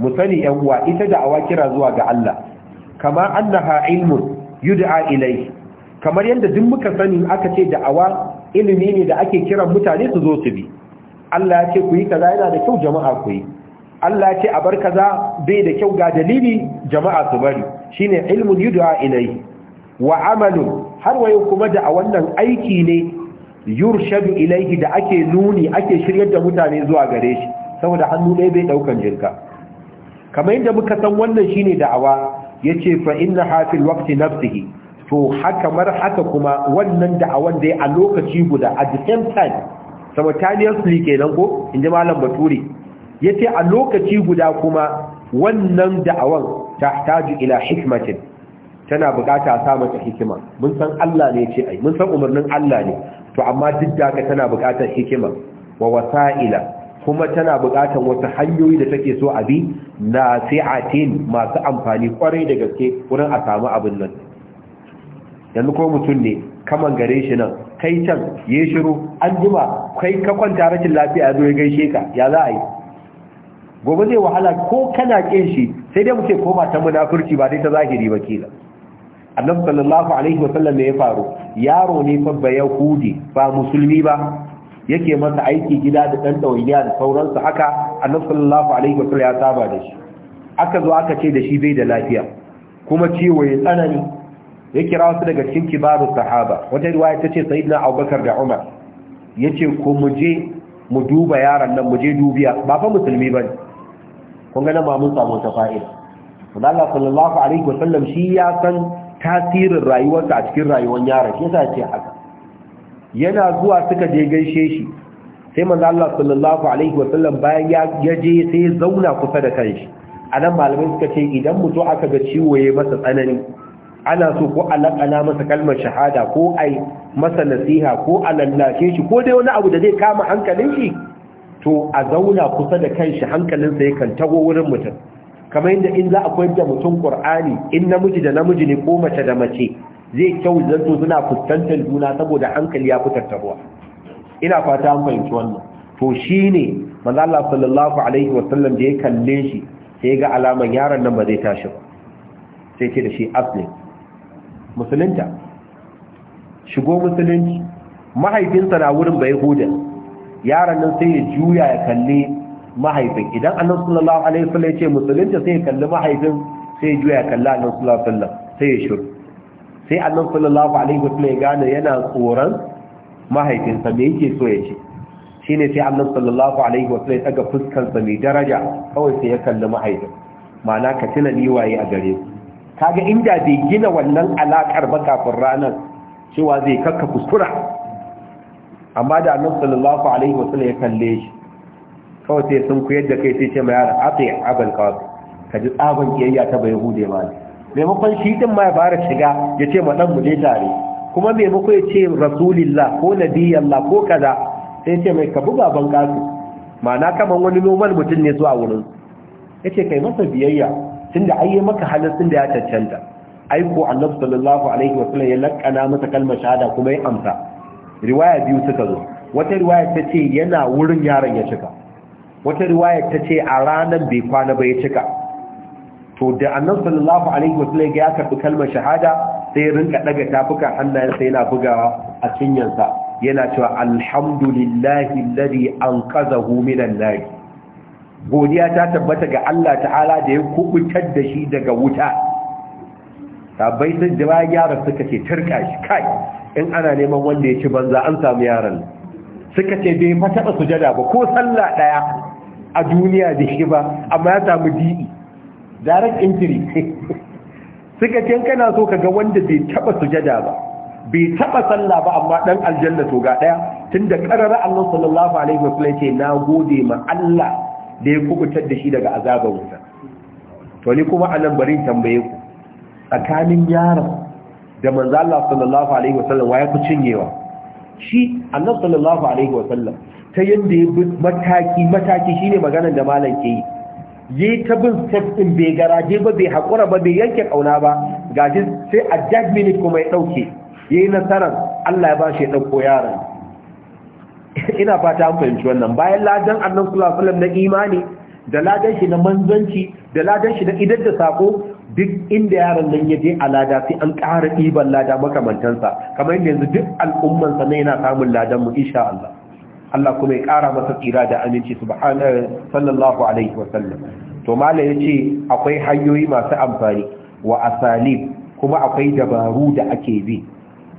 [SPEAKER 1] mu sani yan uwa ita da awa kira zuwa ga Allah kama annaha ilmun yud'a ilayhi kamar yadda duk muka sani aka ce da awa, ilimi ne da ake kiran mutane su zo su bi Allah ya ce ku yi kaza yana da kyau jama'a ku yi Allah ya ce a bar kaza bai da kyau ga dalili jama'a su bari shine ilmun yud'a ilai. wa Amalu har wayo kuma da a wannan aiki ne yurshadu ilaihi da ake nuni ake shiryar da mutane zuwa gare shi saboda hannu ɗaya bai ɗaukan jirga. kamar yadda muka san wannan shine da'awa yace fa inna hafil waqti nafsihi to haka mar haka kuma wannan da'awan da a lokaci guda at the same time simultaneously kenan ko inda malam baturi yace a lokaci guda kuma wannan da'awan tahtaju ila hikmatin tana bukata a sa mata hikima mun san Allah ne ce ai mun san umarnin Allah ne to amma duk da ka tana bukatar hikima wa wasa'ila kuma tana bukatar wasu hanyoyi da take so a bi na sai'atin masu amfani kwarai da gaske wurin a samu abin nan yanzu ko mutum ne kaman gare shi nan kai can ya shiru an jima kai ka kwanta rashin lafiya zo ya gaishe ka ya za a yi gobe zai wahala ko kana kin shi sai dai mu ce ko ba ta munafurci ba dai ta zahiri ba kila annabi sallallahu alaihi wasallam ya faru yaro ne fa ba yahudi ba musulmi ba yake masa aiki gida da dan dawainiya da sauransu haka annabi sallallahu alaihi wasallam ya saba da shi aka zo aka ce da shi bai da lafiya kuma ciwo ya tsanani ya kira wasu daga cikin kibaru sahaba wata riwaya tace sayyidina abubakar da umar yace ko mu je mu duba yaron nan mu je dubiya ba fa musulmi ba kun ga nan ba mun samu ta fa'ida Allah sallallahu alaihi wasallam shi ya san tasirin rayuwarsa a cikin rayuwar yaron shi yasa ce haka yana zuwa suka je gaishe shi sai manzo Allah sallallahu alaihi sallam, bayan ya je sai ya zauna kusa da kanshi anan malamai suka ce idan mutum aka ga ciwo yayi masa tsanani ana so ko alakana masa kalmar shahada ko ai masa nasiha ko alallashe shi ko dai wani abu da zai kama hankalin shi to a zauna kusa da kanshi hankalinsa yakan tago wurin mutum kamar inda in za a koyar da mutum qur'ani in namiji da namiji ne ko mace da mace zai kyau zanto suna fuskantar juna saboda hankali ya fitar ta ruwa ina fata an fahimci wannan to shi ne Allah sallallahu alaihi wasallam da ya kalle shi sai ga alaman yaron nan ba zai tashi ba sai ce da shi aslim musulunta shigo musulunci mahaifinsa na wurin bai huda yaron nan sai ya juya ya kalle mahaifin idan annabi sallallahu alaihi wasallam ya ce musulunta sai ya kalli mahaifin sai ya juya ya kalli annabi sallallahu alaihi wasallam sai ya shiru sai annabi sallallahu alaihi wasallam ya gane yana tsoron mahaifinsa me yake so ya ce shine sai annabi sallallahu alaihi wasallam ya daga fuskarsa mai daraja kawai sai ya kalli mahaifin ma'ana ka tuna ni waye a gare ku kaga inda bai gina wannan alakar ba kafin ranar cewa zai kakka kuskura amma da annabi sallallahu alaihi wasallam ya kalle shi kawai sai sun kuyar da kai sai ce mai yara ati abin qasim ka ji tsaban kiyayya ta bai hude ma maimakon shi din ma ya fara shiga ya ce ma mu tare kuma maimakon ya ce rasulillah ko nabiyallah ko kaza sai ce mai ka buga ban kasu ma'ana kaman wani noman mutum ne zuwa wurin yace kai masa biyayya da ai maka halin da ya cancanta aiko annabi sallallahu alaihi sallam, ya lakkana masa kalmar shahada kuma ya amsa riwaya biyu suka zo wata riwaya ta ce yana wurin yaron ya cika wata riwaya ta ce a ranar bai kwana bai cika to da annan sallallahu alaihi wasallam ya karbi kalmar shahada sai rinka daga tafuka hannayen sai yana bugawa a cinyansa yana cewa alhamdulillahi alladhi anqadhahu minan nar godiya ta tabbata ga Allah ta'ala da ya kubutar da shi daga wuta sabai sun jira yaran suka ce turka shi kai in ana neman wanda ya ci banza an samu yaran suka ce bai fa sujada ba ko sallah daya a duniya da shi ba amma ya samu di'i e. direct injury suka ce kana so ka ga wanda bai taba sujada ba bai taba sallah ba amma dan aljanna to ga daya tunda karara Allah sallallahu alaihi wasallam ce na gode ma Allah da ya kubutar da shi daga azabar wuta to ni kuma anan bari tambaye ku tsakanin yaron da manzo Allah sallallahu alaihi wasallam wa ya ku cinyewa shi Allah sallallahu alaihi wasallam ta yadda ya bi mataki mataki shine maganar da malam ke yi yi ta bin step ɗin bai garaje ba bai haƙura ba bai yanke ƙauna ba gashi sai a jack minute kuma ya ɗauke ya yi nasarar allah ya ba shi ya ɗauko yaran. ina fata an fahimci wannan bayan ladan annan sulasulam na imani da ladan shi na manzanci da ladan shi na idar da sako duk inda yaron nan ya je a lada sai an ƙara ɗiban lada makamantansa kamar yanzu duk al'ummansa na yana samun ladan mu insha Allah Allah kuma ya ƙara masa tsira da aminci sallallahu alaihi wasallam to mala ya ce akwai hanyoyi masu amfani wa asalib kuma akwai dabaru da ake bi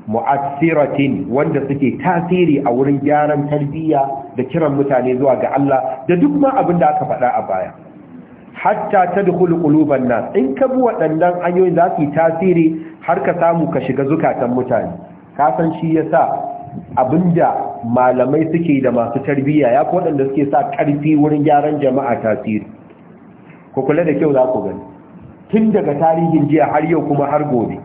[SPEAKER 1] mu'assiratin wanda suke tasiri a wurin gyaran tarbiyya da kiran mutane zuwa ga Allah da duk ma abin da aka faɗa a baya hatta ta quluban nan in ka bi waɗannan hanyoyin za su tasiri har ka samu ka shiga zukatan mutane Kasan shi shi yasa abinda malamai suke da masu tarbiyya ya fi waɗanda suke sa ƙarfi wurin gyaran jama'a tasiri ku kula da kyau za ku gani tun daga tarihin jiya har yau kuma har gobe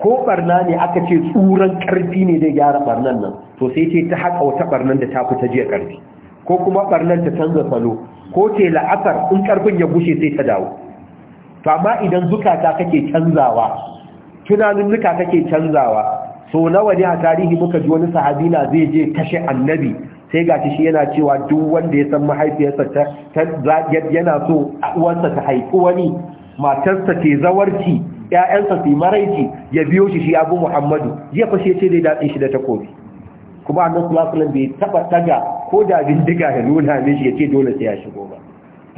[SPEAKER 1] ko barna ne aka ce tsuran ƙarfi ne zai gyara barnan nan to sai ce ta haƙa wata barnan da ta fi jiya ƙarfi ko kuma barnan ta canza salo ko ce la'asar in ƙarfin ya bushe sai ta dawo to amma idan zukata kake canzawa tunanin nuka kake canzawa so nawa ne a tarihi muka ji wani sahabi na zai je kashe annabi sai gashi shi yana cewa duk wanda ya san mahaifiyarsa ta yana so uwansa ta haifi wani matarsa ke zawarci ƴaƴansa su maraici ya biyo shi shi abu muhammadu jiya fashe ce dai daɗin shi da takobi kuma annan sulasulan bai taɓa taga ko da bindiga ya nuna mishi ya ce dole sai ya shigo ba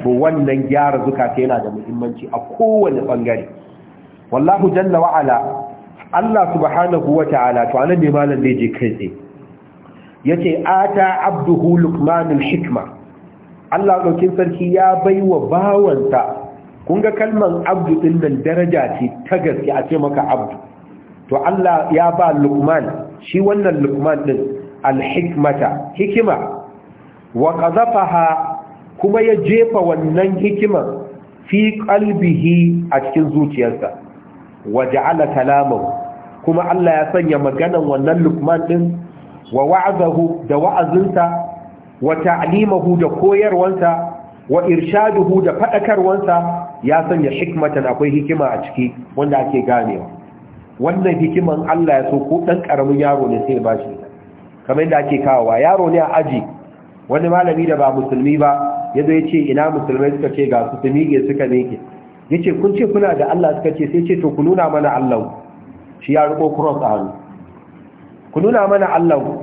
[SPEAKER 1] to wannan gyara zukata yana da muhimmanci a kowane ɓangare wallahu jalla wa'ala Allah subhanahu wa ta'ala to anan ne malam zai je kai tsaye yace ata abduhu luqmanul hikma Allah ɗaukin sarki ya baiwa bawansa kun ga kalman abdu din nan daraja ce ta gaske a ce maka abdu to Allah ya ba luqman shi wannan luqman din alhikmata hikima wa kuma ya jefa wannan hikima fi ƙalbihi a cikin zuciyarsa waja'ala kalamahu kuma Allah ya sanya maganan wannan Luqman din wa wa'azahu da wa'azinta wa ta'limahu da koyarwansa wa irshaduhu da fadakarwansa ya sanya hikmatan akwai hikima a ciki wanda ake ganewa wannan hikiman Allah ya so ko dan karamin yaro ne sai bashi. kamar yadda ake kawowa yaro ne a aji wani malami da ba musulmi ba yazo ya ce ina musulmai suka ce ga su su miƙe suka mike yace kun ce kuna da Allah suka ce sai ce to ku nuna mana Allah shi ya riko cross a hannu ku nuna mana Allah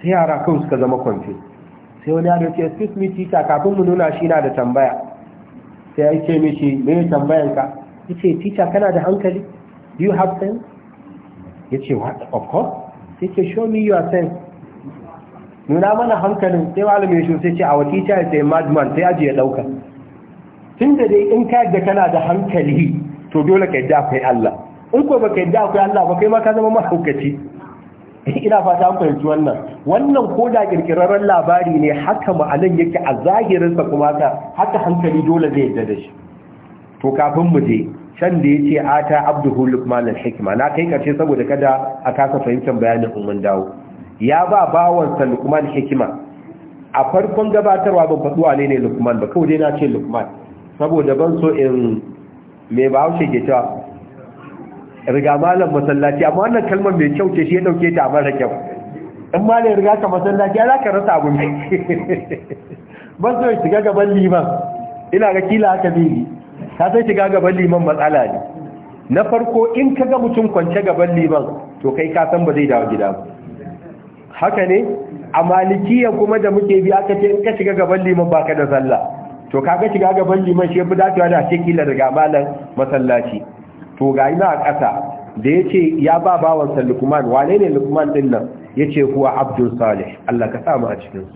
[SPEAKER 1] sai yara kan suka zama kwanfe sai wani yaro ce excuse me teacher kafin mu nuna shi na da tambaya sai ya ce mishi me tambayan ka ce teacher kana da hankali do you have sense Ya ce what of course ce show me your sense nuna mana hankalin sai malamin shi sai ce a wata teacher sai madman sai aji ya dauka da dai in ka yadda kana da hankali to dole ka yadda kai Allah in ko baka yadda akwai Allah ba kai ma ka zama mahaukaci ina fata an fahimci wannan wannan ko da kirkirarren labari ne haka ma'anan yake a sa kuma haka haka hankali dole zai yadda da shi to kafin mu je can da yace ata abduhu lukman al-hikma na kai karshe saboda kada a kasa fahimtar bayanin umman dawo ya ba bawan sa lukman hikima a farkon gabatarwa ban faɗi ne ne lukman ba kawai dai na ce lukman saboda ban so in me ba haushe ke cewa riga malam masallaci amma wannan kalmar mai kyau ce shi ya dauke ta a mara kyau in ma ne riga ka masallaci ya zaka rasa abu mai ban so shiga gaban liman ina ga kila haka bibi ka sai shiga gaban liman matsala ne na farko in ka ga mutum kwance gaban liman to kai ka san ba zai dawo gida ba haka ne a malikiya kuma da muke biya ka ce in ka shiga gaban liman ba ka da sallah to kaga shiga gaban liman shi ya fi dacewa da ce kila riga malam masallaci to ga ina a ƙasa da ya ce ya ba bawansa lukman wane ne lukman ɗin nan ya ce kuwa abdul salih Allah ka samu a cikinsu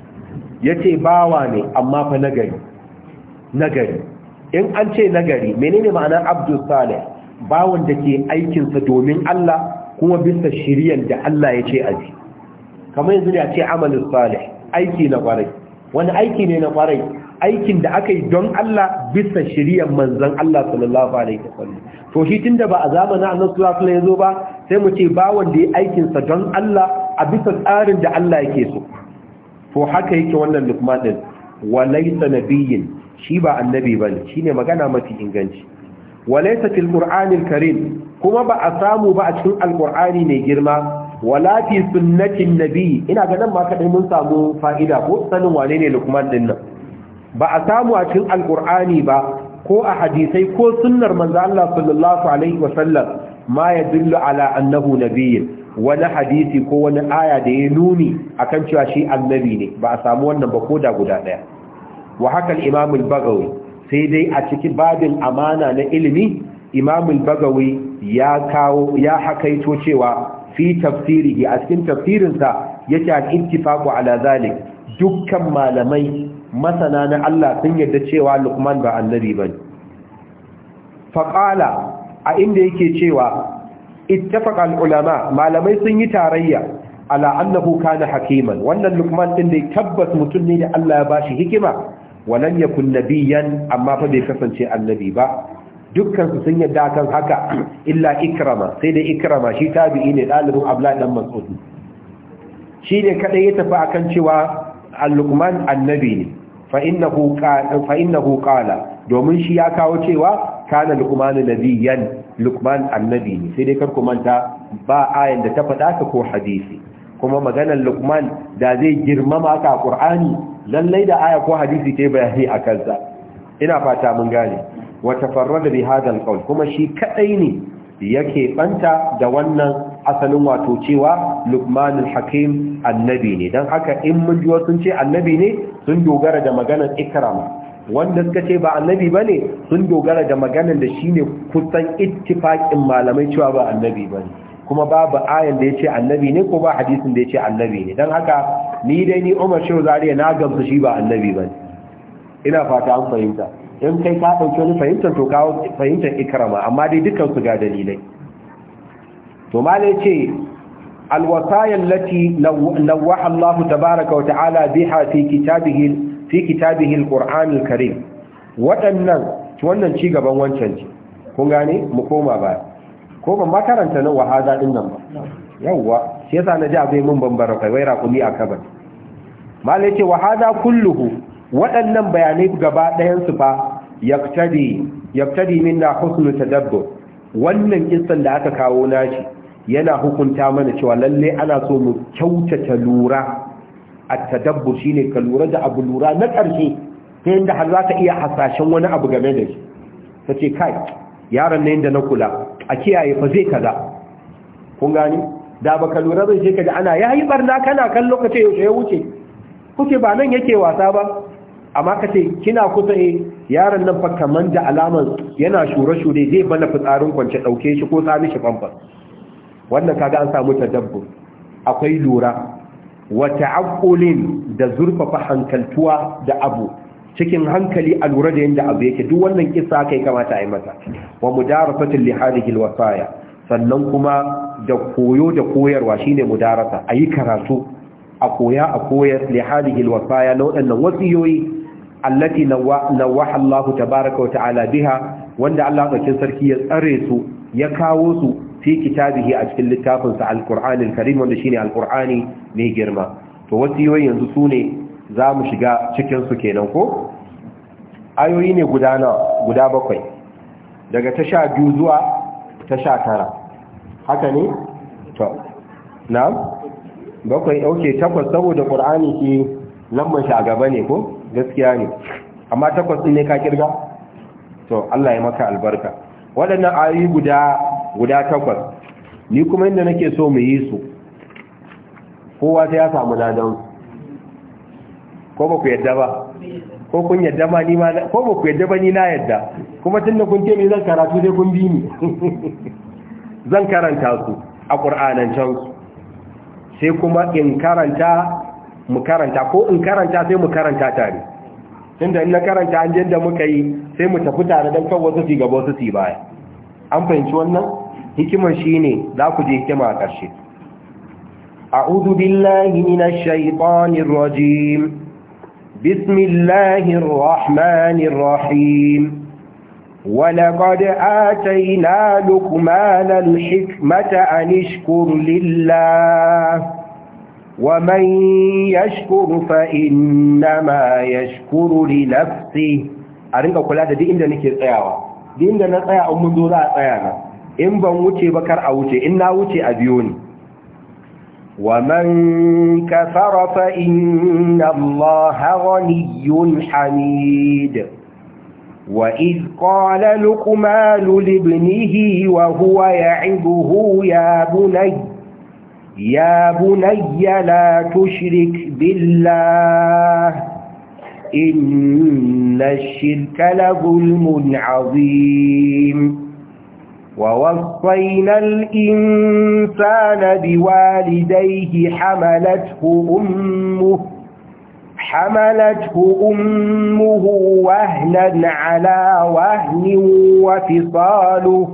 [SPEAKER 1] ya ce bawa ne amma fa nagari nagari in an ce nagari menene ma'anar abdul salih bawan da ke aikinsa domin Allah kuma bisa shiryan da Allah ya ce aji kamar yanzu ne a ce amalin salih aiki na kwarai wani aiki ne na kwarai aikin da aka yi don Allah bisa shiriyar manzan Allah sallallahu alaihi wasallam to shi tunda ba a zamanin Annabi sallallahu alaihi zo ba sai mu ce ba wanda ya aikin sa don Allah a bisa tsarin da Allah yake so to haka yake wannan Luqman din walaysa nabiyyin shi ba annabi bane shine magana mafi inganci walaysa fil qur'anil karim kuma ba a samu ba a cikin alqur'ani mai girma wala fi sunnatin nabi ina ganin ma kadai mun samu fa'ida ko sanin wane ne Luqman din nan ba a samu a cikin alkur'ani ba ko a hadisai ko sunnar manzo Allah sallallahu alaihi wasallam ma yadullu ala annahu nabiyyin wani hadisi ko wani aya da ya nuni akan cewa shi annabi ne ba a samu wannan ba koda guda daya wa haka al-imam al-bagawi sai dai a cikin babin amana na ilimi imam al-bagawi ya kawo ya hakaito cewa fi tafsirihi a cikin tafsirinsa yace al-ittifaqu ala zalik dukkan malamai masana na Allah sun yadda cewa Luqman ba annabi bane faqala a inda yake cewa ittafaqa al-ulama malamai sun yi tarayya ala annahu kana hakiman wannan Luqman din da tabbas mutum ne da Allah ya bashi hikima walan yakun biyan amma fa bai kasance annabi ba dukkan su sun yadda kan haka illa ikrama sai da ikrama shi tabi'i ne dalibin Abdullahi dan mas'ud shi ne kadai ya tafi akan cewa al-Luqman annabi ne fa'innahu ƙala domin shi ya kawo cewa kana lukmanu nabiyan lukman annabi ne sai dai karku manta ba ayan da ta faɗa ka ko hadisi kuma maganar lukman da zai girmama ka ƙur'ani lallai da aya ko hadisi ta bayani a kansa ina fata mun gane wata farra da hadal kawai kuma shi kaɗai ne yake banta da wannan asalin wato cewa Luqmanul hakim annabi ne don haka in mun ji sun ce annabi ne sun dogara da maganar ikrama wanda suka ce ba annabi ba sun dogara da maganar da shine kusan ittifaqin malamai cewa ba annabi ba ne kuma babu ayan da ya annabi ne ko ba hadisin da ya ce annabi ne dan haka ni dai ni umar shehu zariya na gamsu shi ba annabi ba ina fata an fahimta in kai ka ɗauki wani fahimtar to kawo fahimtar ikrama amma dai dukkan su ga dalilai to malai ce alwasaya lati lawwaha Allah tabaaraka wa ta'ala biha fi kitabihi fi kitabihi alquran alkarim waɗannan wannan ci gaban wancan ji. kun gane mu koma ba ko ban makaranta na wahada din nan ba yawwa shi yasa na ji abai mun bambara kai wai raƙumi a kabar malai ce wahada kulluhu waɗannan bayanai gaba ɗayansu fa yaktadi minna husnu tadabbur wannan kisan da aka kawo nashi yana hukunta mana cewa lalle ana so mu kyautata lura at-tadabbur shine ka lura da abu lura na ƙarshe ta da har za ka iya hasashen wani abu game da shi ta ce kai yaron na yadda na kula a kiyaye fa zai kaza kun gani da ka lura zai je kaga ana yi barna kana kan lokaci yaushe ya wuce kuke ba nan yake wasa ba amma ka ce kina kusa eh yaron nan fa kaman da alaman yana shure-shure zai bana fitsarin kwance dauke shi ko sami shi famfas wannan kaga an samu ta tadabbur akwai lura wa ta'aqulin da zurfafa hankaltuwa da abu cikin hankali a lura da yanda abu yake duk wannan kisa kai kamata a yi mata wa mudarasatin li hadhihi alwasaya sannan kuma da koyo da koyarwa shine mudarasa ayi karatu a koya a koyar li hadhihi alwasaya na waɗannan wasiyoyi allati nawaha Allahu tabaaraka wa ta'ala biha wanda Allah bakin sarki ya tsare su ya kawo su fi kitabihi a cikin littafin sa al-Qur'an al-Karim wanda shine al-Qur'ani mai girma to wasiyoyi yanzu sune zamu shiga cikin su kenan ko ayoyi ne guda guda bakwai daga ta sha biyu zuwa ta sha tara haka ne to na bakwai okay takwas saboda Qur'ani ke lambar shi a gaba ne ko gaskiya ne amma takwas ne ka kirga to Allah ya maka albarka waɗannan ayoyi guda guda takwas ni kuma inda nake so mu yi su kowa sai ya samu ladan ko ba ku yadda ba ko kun yadda ma ni ma ko ba ku yadda ba ni na yadda kuma tunda kun ce ni zan karatu sai kun bi ni zan karanta su a qur'anancen su sai kuma in karanta mu karanta ko in karanta sai mu karanta tare tunda in na karanta an da muka yi sai mu tafi tare don kan wasu ci gaba wasu ci baya an fahimci wannan hikimar shine za ku je hikima a ƙarshe أعوذ بالله من الشيطان الرجيم بسم الله الرحمن a ولقد آتينا لقمان الحكمة أن اشكر لله ومن يشكر فإنما يشكر لنفسه a rinka kula da duk inda nake tsayawa duk inda na tsaya in mun zo za a tsaya na in ban wuce ba kar a wuce in na wuce a biyo ni wa man kafara fa inna allaha ghaniyyun hamid wa id qala luqman li ibnihi wa huwa ya'iduhu ya bunayya يا بني لا تشرك بالله إن الشرك لظلم عظيم ووصينا الإنسان بوالديه حملته أمه حملته أمه وهنا على وهن وفصاله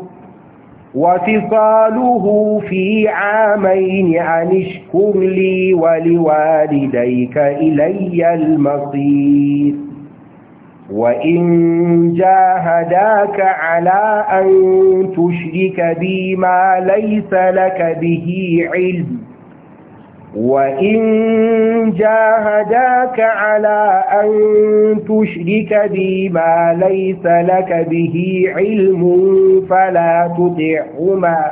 [SPEAKER 1] وفصاله في عامين أن اشكر لي ولوالديك إلي المصير وإن جاهداك على أن تشرك بي ما ليس لك به علم وإن جاهداك على أن تشرك بي ما ليس لك به علم فلا تطعهما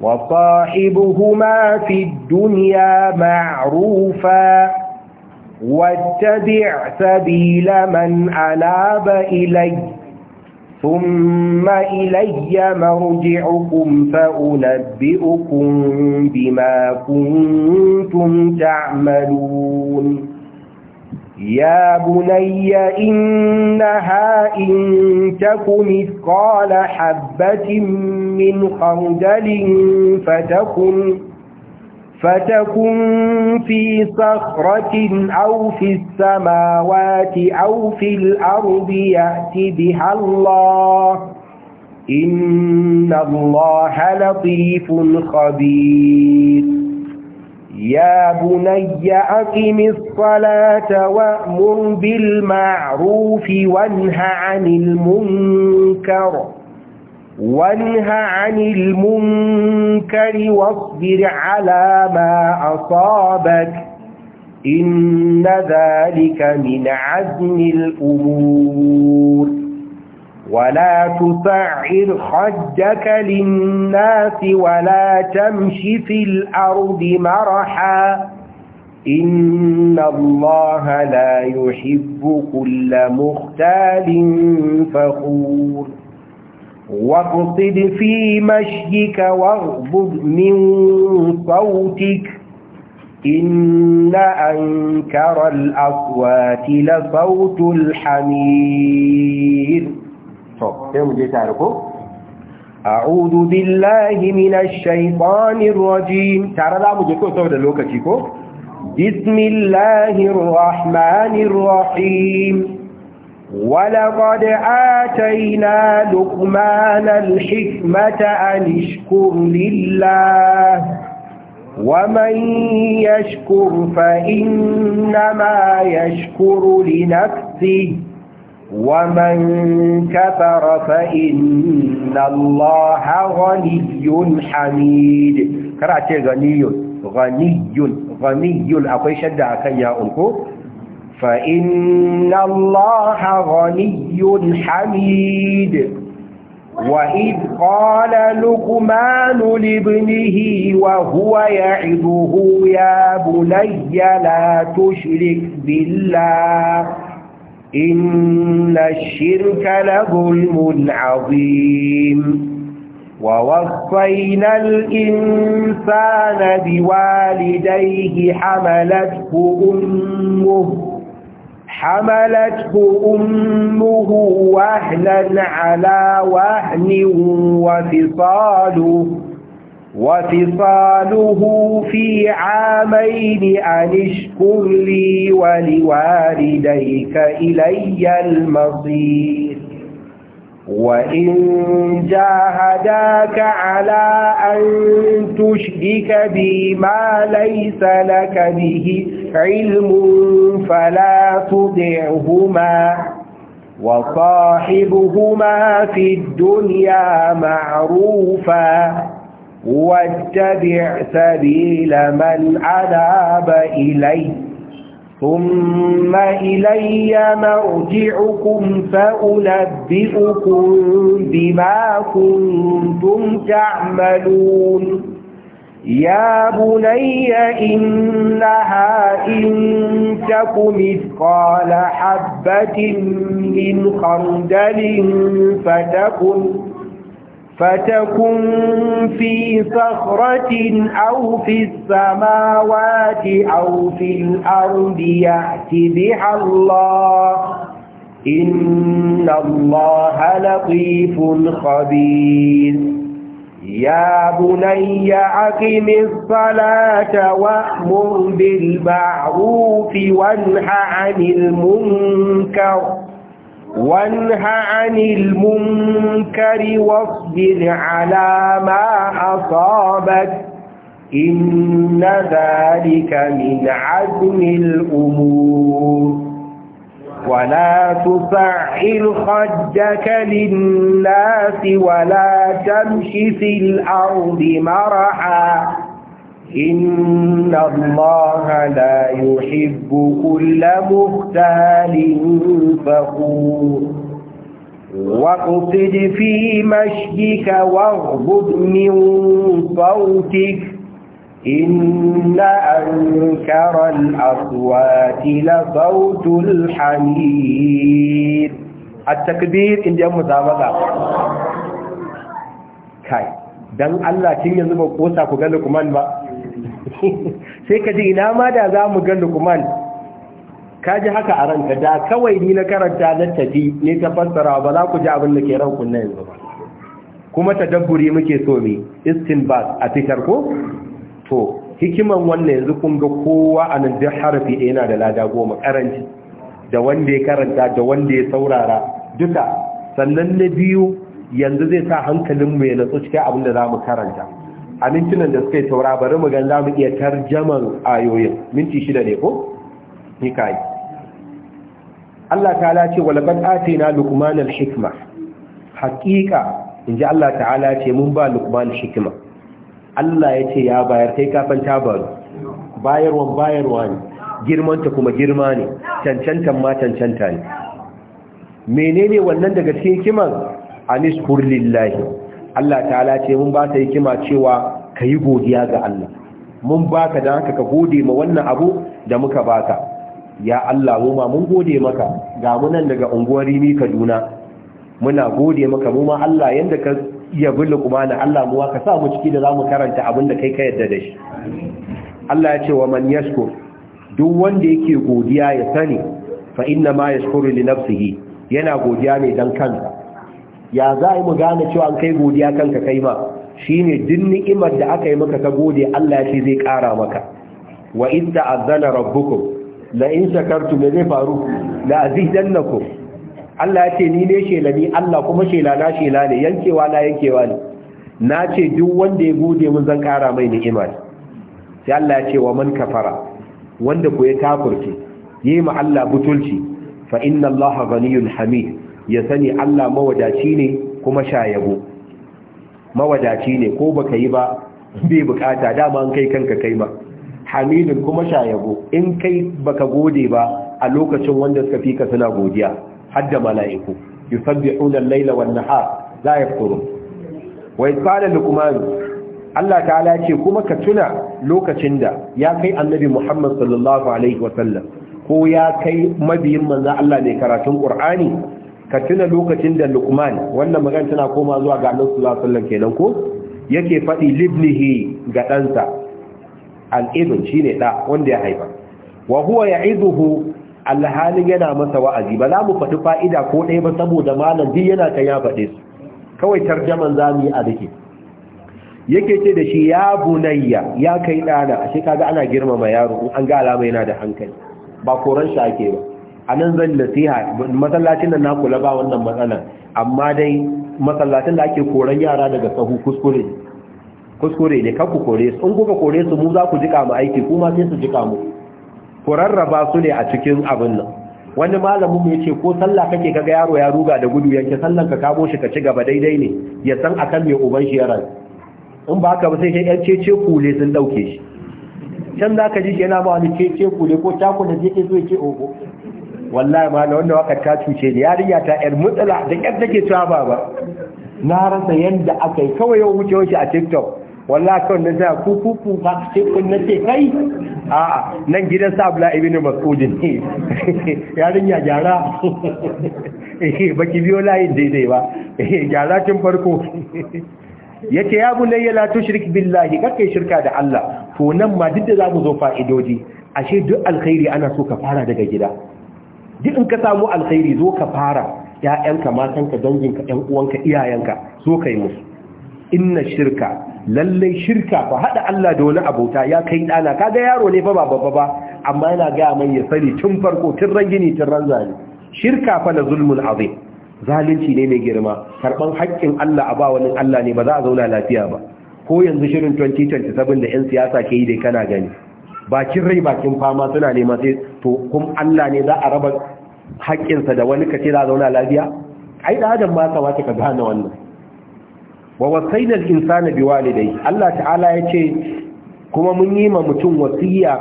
[SPEAKER 1] وصاحبهما في الدنيا معروفا واتبع سبيل من أناب إليه ثم إلي مرجعكم فأنبئكم بما كنتم تعملون يا بني إنها إن تك مثقال حبة من خردل فتكن فتكن في صخرة أو في السماوات أو في الأرض يأتي بها الله إن الله لطيف خبير يا بني أقم الصلاة وأمر بالمعروف وانه عن المنكر وانه عن المنكر واصبر على ما أصابك إن ذلك من عزم الأمور ولا تسعر خدك للناس ولا تمش في الأرض مرحا إن الله لا يحب كل مختال فخور واقصد في مشيك واغضب من صوتك إن أنكر الأصوات لصوت الحمير إيه أعوذ بالله من الشيطان الرجيم تعالى لا مجيكو سوى بسم الله الرحمن الرحيم ولقد آتينا لقمان الحكمة أن اشكر لله ومن يشكر فإنما يشكر لنفسه ومن كفر فإن الله غني حميد كرا غني غني غني أقول شد أكن يا أنكو فإن الله غني حميد وإذ قال لقمان لابنه وهو يعظه يا بني لا تشرك بالله إن الشرك لظلم عظيم ووصينا الإنسان بوالديه حملته أمه حملته أمه وهنا على وهن وفصاله وفصاله في عامين أن اشكر لي ولوالديك إلي المصير وإن جاهداك على أن تشرك بي ما ليس لك به علم فلا تطعهما وصاحبهما في الدنيا معروفا واتبع سبيل من أناب إليه ثم إلي مرجعكم فأنبئكم بما كنتم تعملون يا بني إنها إن تك مثقال حبة من خردل فتكن فتكن في صخرة أو في السماوات أو في الأرض يأتي بها الله إن الله لطيف خبير يا بني أقم الصلاة وأمر بالمعروف وانه عن المنكر وانه عن المنكر واصبر على ما أصابك إن ذلك من عزم الأمور ولا تصعر خدك للناس ولا تمشي في الأرض مرحا إن الله لا يحب كل مختال فخور واقصد في مشيك واغضب من صوتك إن أنكر الأصوات لصوت الحمير التكبير إن جاء مسابقة كاي دان الله تين يزبق وسا كغلق من بقى sai ka ji ina ma da za mu ga lukman ka ji haka a ranka da kawai ni na karanta na tafi ne ta fassara ba za ku ji abin da ke ran nan yanzu ba kuma ta dabburi muke so ne ba a fitar ko to hikiman wannan yanzu kun ga kowa a nan duk harafi ɗaya yana da lada goma karanci da wanda ya karanta da wanda ya saurara duka sannan na biyu yanzu zai sa hankalin mu ya natsu cikin abin da za mu karanta a mintunan da suka yi taura bari mu gan za mu iya tarjaman ayoyin minti shida ne ko? ni ka yi Allah ta'ala ce walabar atina na al-hikma haƙiƙa in ji Allah ta'ala ce mun ba lukmanar hikma Allah ya ce ya bayar kai kafin ta baru bayarwan bayarwa ne girmanta kuma girma ne cancantan ma cancanta ne menene wannan daga cikin hikiman anis kurlillahi Allah ala ce mun ba ta hikima cewa ka yi godiya ga Allah mun ba ka da haka ka gode ma wannan abu da muka baka ya Allah mu ma mun gode maka ga mu nan daga unguwar Rimi Kaduna muna gode maka mu ma Allah yanda ka iya bin Luqman Allah mu ka sa mu ciki da zamu karanta abin da kai ka yarda da shi Allah ya ce wa man yashkur duk wanda yake godiya ya sani fa inna ma yashkuru li nafsihi yana godiya ne dan kansa ya za a yi mu gane cewa an kai godiya kanka kai ma ne duk ni'imar da aka yi maka ka gode Allah shi zai ƙara maka wa in ta'azzana rabbukum la in shakartum la zai faru la azidannakum Allah ya ce ni ne shelani Allah kuma shelana na shela ne yankewa na yankewa ne na ce duk wanda ya gode mun zan ƙara mai ni'ima sai Allah ya ce wa man kafara wanda ku ya kafirce yi ma Allah butulci fa inna Allah ghaniyun hamid ya sani Allah mawadaci ne kuma shayago mawadaci ne ko baka yi ba bai bukata dama an kai kanka kai ba Hamidu kuma shayago in kai baka gode ba a lokacin wanda suka fi ka suna godiya har da mala'iku yusabbihuna al-laila wan-nahar la yafturun wa qala luqman Allah ta'ala ce kuma ka tuna lokacin da ya kai annabi Muhammad sallallahu alaihi wa sallam ko ya kai mabiyin manzo Allah ne karatun Qur'ani ka tuna lokacin da Luqman wannan magana tana koma zuwa ga Allah sallallahu alaihi wasallam kenan ko yake faɗi libnihi ga ɗansa al shi ne ɗa wanda ya haifa wa huwa ya izuhu alhalin yana masa wa'azi ba za mu faɗi fa'ida ko ɗaya ba saboda malam din yana ta ya fade su kawai tarjaman zamu yi a dake yake ce da shi ya bunayya ya kai dana a kaga ana girmama yaro an ga alama yana da hankali ba koran shi ake ba a nan zan nasiha masallacin da na kula ba wannan matsalar amma dai masallacin da ake koran yara daga sahu kuskure kuskure ne ku kore su in kuka kore su mu za ku jika mu aiki kuma sai su jika mu ku rarraba su ne a cikin abin nan wani malamin mu yace ko sallah kake kaga yaro ya ruga da gudu yanke sallan ka kamo shi ka ci gaba daidai ne ya san akan me uban shi ya in ba haka ba sai yan cece kule sun dauke shi can za ka ji shi yana ma wani cece kule ko cakula je ke zo ke O oho wallahi ma wanda wakar waka ta cuce ni yariya ta yar mutsala da yar take ta ba na rasa yanda aka yi kawai yau wuce wuce a tiktok wallahi kawai na sa ku ku ku ka ce kun na ce kai a'a nan gidan sa abla ibn mas'ud ne yarinya gyara baki biyo layin daidai ba gyara tun farko Ya ce ya bunayya la tushrik billahi kake shirka da Allah to nan ma duk da za mu zo fa'idodi ashe duk alkhairi ana so ka fara daga gida duk in ka samu alkhairi zo ka fara ‘ya'yanka matanka danginka ‘yan uwanka iyayenka zo ka yi musu inna shirka lallai shirka fa haɗa Allah da wani abota ya kai ɗana kaga yaro ne fa ba babba ba amma yana gaya mai ya sani tun farko tun rangini tun ranzani shirka fa la zulmul azim zalunci ne mai girma karɓan haƙƙin Allah a ba wani Allah ne ba za a zauna lafiya ba ko yanzu shirin 2027 da 'yan siyasa ke yi dai kana gani bakin rai bakin fama suna nema sai to kun Allah ne za a raba haƙƙinsa da wani kace za a zauna lafiya ai da adam ma wace ka gane wannan wa al insana biwalidai Allah ta'ala ya ce kuma mun yi ma mutum wasiya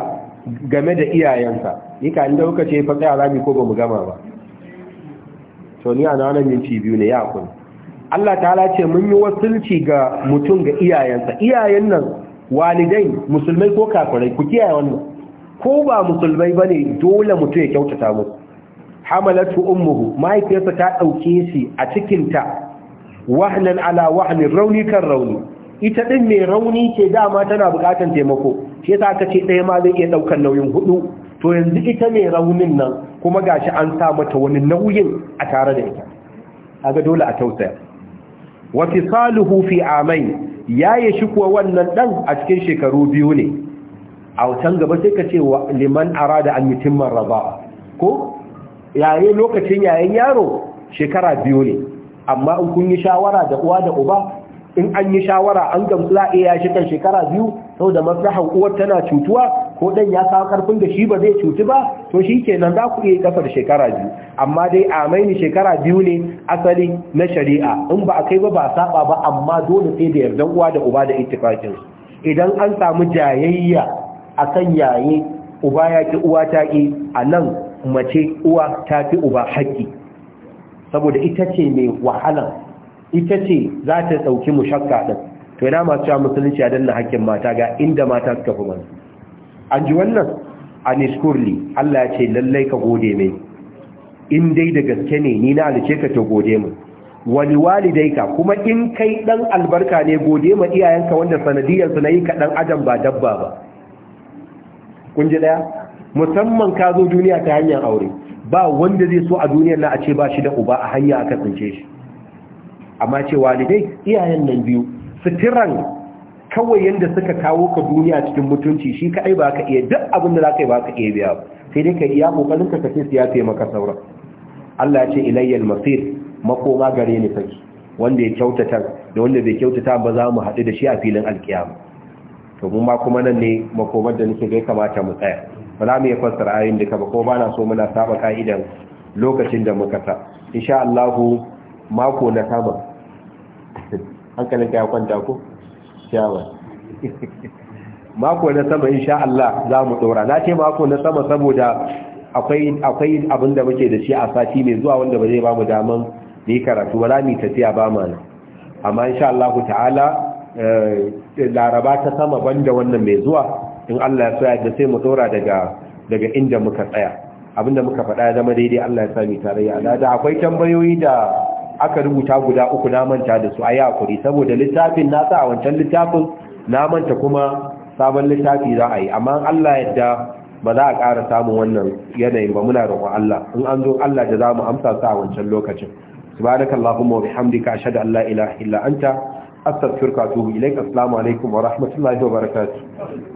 [SPEAKER 1] game da iyayensa ni ka inda kuka ce fa tsaya rami ko ba mu gama ba to ni ana nan ci biyu ne ya kun Allah ta'ala ce mun yi wasulci ga mutum ga iyayensa iyayen nan walidai musulmai ko kafirai ku kiyaye wannan ko ba musulmai bane dole mutum ya kyautata musu hamalatu ummuhu mahaifiyarsa ta ɗauke shi a cikinta wahnan ala wahnin rauni kan rauni ita ɗin mai rauni ce dama tana buƙatar taimako shi yasa aka ce ɗaya ma zai iya ɗaukar nauyin hudu to yanzu ita mai raunin nan kuma gashi an sa mata wani nauyin a tare da ita ga dole a tausaya wa saluhu fi amai ya shi kuwa wannan ɗan a cikin shekaru biyu ne a wutan gaba sai ka ce wa liman arada an yutimma raba ko yayin lokacin yayin yaro shekara biyu ne amma in kun yi shawara da uwa da uba in an yi shawara an gamsu za a iya shi kan shekara biyu sau da maslahar uwar tana cutuwa ko dan ya kawo karfin da shi ba zai cutu ba to shi kenan za ku iya kafa da shekara biyu amma dai a ni shekara biyu ne asali na shari'a in ba a kai ba ba a saba ba amma dole sai da yardan uwa da uba da ittifakin idan an samu jayayya a kan yaye uba ya ki uwa ta ki a nan mace uwa ta fi uba haƙƙi saboda ita ce mai wahala ita ce za ta ɗauki mushakka ɗin to yana masu cewa musulunci a danna haƙƙin mata ga inda mata suka fi mana an ji wannan a niskurli Allah ya ce lallai ka gode mai in dai da gaske ne ni na alice ka to gode mu wani ka kuma in kai dan albarka ne gode ma iyayenka wanda sanadiyarsu na yi ka dan adam ba dabba ba kun ji daya musamman ka zo duniya ta hanyar aure ba wanda zai so a duniyar na a ce ba shi da uba a hanya aka tsince shi amma ce walidai iyayen nan biyu sitiran kawai yadda suka kawo ka duniya cikin mutunci shi ka ba ka iya duk abin da za ka yi ba ka iya biya sai dai ka iya kokarin ka kace ya fi maka sauran Allah ya ce ilayyal masir makoma gare ni saki wanda ya kyautata da wanda bai kyautata ba za mu haɗu da shi a filin alkiyama to mun ma kuma nan ne makomar da nake ga kamata mu tsaya ba mu iya fassara ayoyin duka ba ko ba na so muna saba ka'idan lokacin da muka sa insha Allah mako na saba hankalin ka ya kwanta ko shawa mako na sama insha Allah za mu dora na ce mako na sama saboda akwai akwai abin da muke da shi a sati mai zuwa wanda ba zai ba mu daman ni karatu ba za tafiya ba ma amma insha Allah ta'ala eh, laraba ta sama banda wannan mai zuwa in Allah ya sa ya sai mu tsora daga daga inda muka tsaya abinda muka faɗa ya zama daidai Allah ya sa mu tarayya da da akwai tambayoyi da aka rubuta guda uku na manta da su ayi hakuri saboda littafin na sa a wancan littafin na manta kuma sabon littafi za a yi amma Allah yadda ba za a ƙara samun wannan yanayin ba muna roƙon Allah in an zo Allah da za amsa sa a wancan lokacin subhanakallahumma wa bihamdika ashhadu an la ilaha illa anta astaghfiruka wa إليك السلام عليكم alaikum wa وبركاته